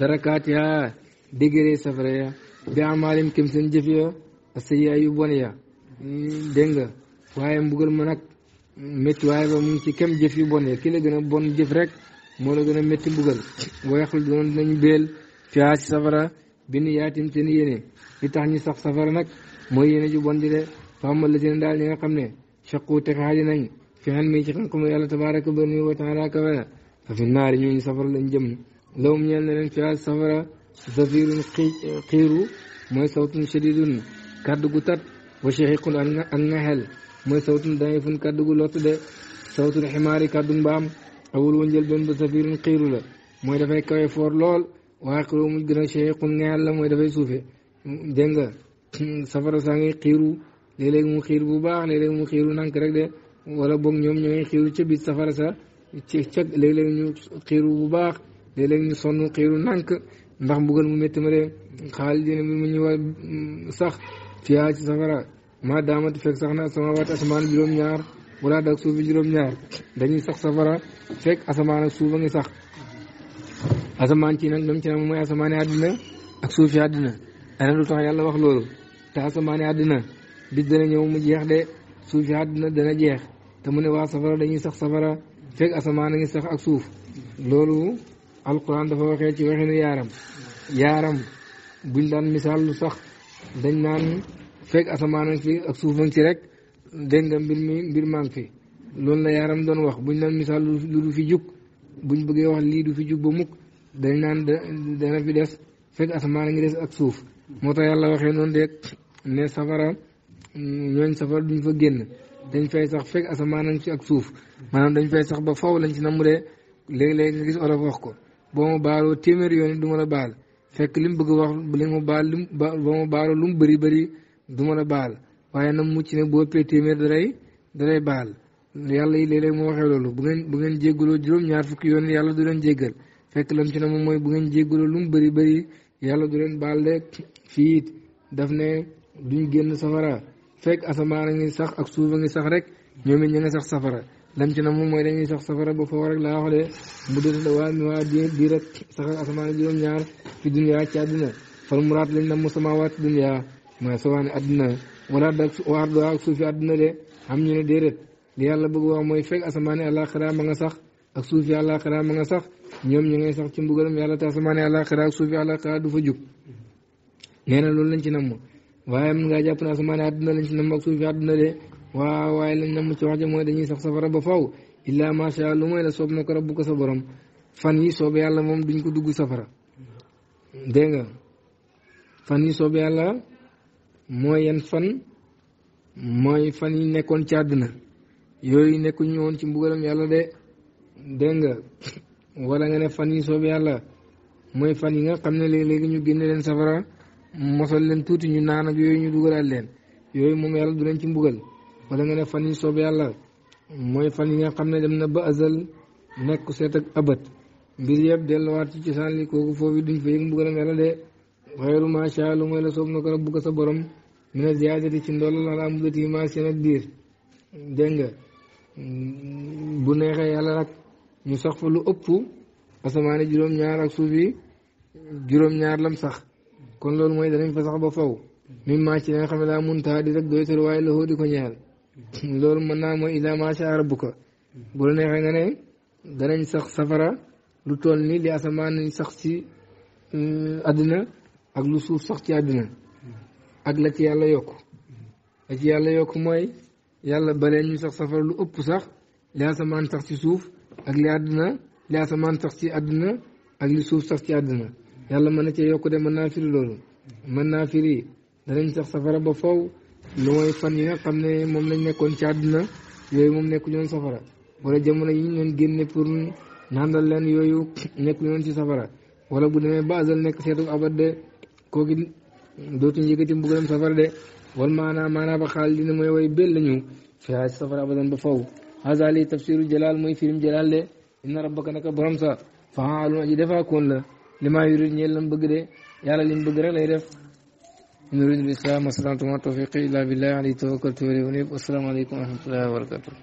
darakaat yaa digere safara ya bi amaalim kim seen jëf ya asiya yu bon ya denga waye mbugal mo nak metti waye ba mu ci kem jëf yu bon ya ki la gëna bon jëf rek mo la gën a métti mbugal wayaxul doon dinañ béel fiaa ci safara bin nu yaatim seen yéene li tax ñu sax safara nak moy yene ju bon di faxamal la seen daal ñi nga xam ne chaqu texe xaji nañ fi xan mii ci xam-xamu yàlla tabaraka ba nuyu wa taala kawena fa fi naari ñooñu safara lañ jëm lawum ñeel na leen fiaa safara zafirun xiiru mooy sawtun shadidun kaddu gu tat wa shahiqun ak ngaxel mooy kaddu mbaam awul wa njël benn la mooy dafay kawe foor lool waaye xiroo mu gën a shahiqun ngaxel la mooy dafay suufe dégg safara saa ngi léeg mu xiir bu baax léeg mu xiiru nank rek de wala boog ñoom ñooy xiiru ca biir safara sax ci ca léeg-léeg ñu xiiru bu baax léeg xiiru nank ndax mbugal mu métti ma de xaalis dina bi mu ñu mm, sax fiyaa ci safara ma daamati fekk sax na sama waat asamaan juróom-ñaar wala dak suuf juróom-ñaar dañuy sax safara fekk asamaan ak suuf a ngi sax asamaan ci nag dam ci nag mooy asamaani àddina ak suufi àddina ana lu tax yàlla wax loolu te asamaani àddina bis dana ñëw mu jeex de suuf si àddina dana jeex te mu ne waa safara dañuy sax safara fekk asamaan a ngi sax ak suuf loolu alquran dafa waxee ci waxinu yaaram yaaram buñ daan misaal lu sax dañ naan fekk asamaan a ngi fi ak suuf a ngi rek dégg nga mbir mi mbir maa loolu la yaaram doon wax buñ daan misaal lu du fi bu ñu buggee wax lii du fi jug ba mukk dañ naan dana fi des fekk asamaan a ngi des ak suuf moo tax yàlla waxee noonu de ne safara ñooñ mm, safara duñ fa génn dañ fay sax fekk asamaan ci ak suuf maanaam dañ fay sax ba faw lañ ci mu de léeg-léeg nga gis olof wax ko boo ma baaloo téeméer yoon du ma la baal fekk li bëgg wax li mu baal lim boo ma baaloo lu mu bëri bëri du ma la baal waaye nag mucc ne boo pee téeméer daray daray baal yàlla yi léeg-léeg moo waxee loolu bu ngeen bu ngeen jéggaloo juróom-ñaar fukki yoon yàlla du leen jéggal fekk lam ci na mooy bu ngeen jéggaloo lu mu bëri bëri yàlla du leen baal de fii it daf ne fekk asamaan a ngi sax ak suuf a ngi sax rek ñoom it ña nga sax safara lam ci na moom mooy dañuy sax safara ba foo rek laa waxlee mu dëdd waa waa di rek sax ak asamaan juróom-ñaar fi duniyaa ci àdduna fal muraat lañ nam mu samaawaat duniyaa mooy sawaane àdduna wala da waar ak suufi àdduna de xam ñu ne déedéet li bëgg wax mooy fekk asamaan àllaaxira ma nga sax ak suufi àllaaxira ma nga sax ñoom ñi ngay sax ci mbugalam yàlla te asamaan àllaaxira ak suufi àllaaxira du fa jug nee na loolu lañ ci nam waaye mën ngaa jàpp ne asamaan àdduna lañ si nam ak suuf àdduna de waaw waaye lañ nam ci wax ja mooy dañuy sax safara ba faw illaa macha lu mooy la soob na ko rabbu ko sa borom fan yi soob yàlla moom duñ ko dugg safara dégg fan yi soob yàlla mooy yan fan mooy fan yi nekkoon ci àdduna yooyu nekkuñu woon ci mbugalam yàlla de dégg nga wala nga ne fan yi soob yàlla mooy fan yi nga xam ne léeg-léegi ñu génne leen safara mosal leen tuuti ñu naan ak yooyu ñu dugalaat leen yooyu moom yàlla du leen ci mbugal wala nga ne fan yi soob yàlla mooy fan yi nga xam ne dem na ba azal nekk seet ak abat mbir yëpp delluwaat ci cosaan kooku foofu duñ fa yëg mbugalam yàlla de xayru macha lu mooy la soob na ko rabbu ko sa borom mu ne ziyaadati ci ndollal ala mudati ma seen ak dégg nga neexee yàlla nag ñu sax fa lu ëpp asamaani juróom-ñaar ak suuf yi juróom-ñaar lam sax kon loolu mooy danañ fa sax ba faw min maa ci nga xam ne daa muntaha di rek doytal waaye loxoo di ko ñeel loolu mën naa mooy ila maa shaa rabbuka bu la neexee nga ne danañ sax safara lu toll ni li asamaan nañ sax ci àddina ak lu suuf sax ci àddina ak la ci yàlla yokk la ci yàlla yokk mooy yàlla baleen ñu sax safara lu ëpp sax li asamaan sax ci suuf ak li àddina li asamaan sax ci àddina ak li suuf sax ci àddina yàlla mën na cee yokk de mën naa firi loolu mën naa firi danañ sax safara ba faw lu mooy fan yi nga xam ne moom lañ nekkoon ci àdduna yooyu moom nekk ñoon safara wala jamono yi ñu leen pour nandal leen yooyu nekk ñoon ci safara wala bu demee ba azal nekk seetu abad de kooki dootuñ yëkkati mbugalam safara de wal maanaa maanaa ba xaal dina mooy way bel lañu fi ci safara abadan ba faw hazali tafsiru jalaal mooy firim jalaal de inna rabbaka naka borom sa faalun aji defaa koon la لما يريد يلم بغري يالا لم بغري لا يرف ان يريد بالسلام والسلام توفيقي الا بالله عليه توكلت وليه والسلام عليكم ورحمه الله وبركاته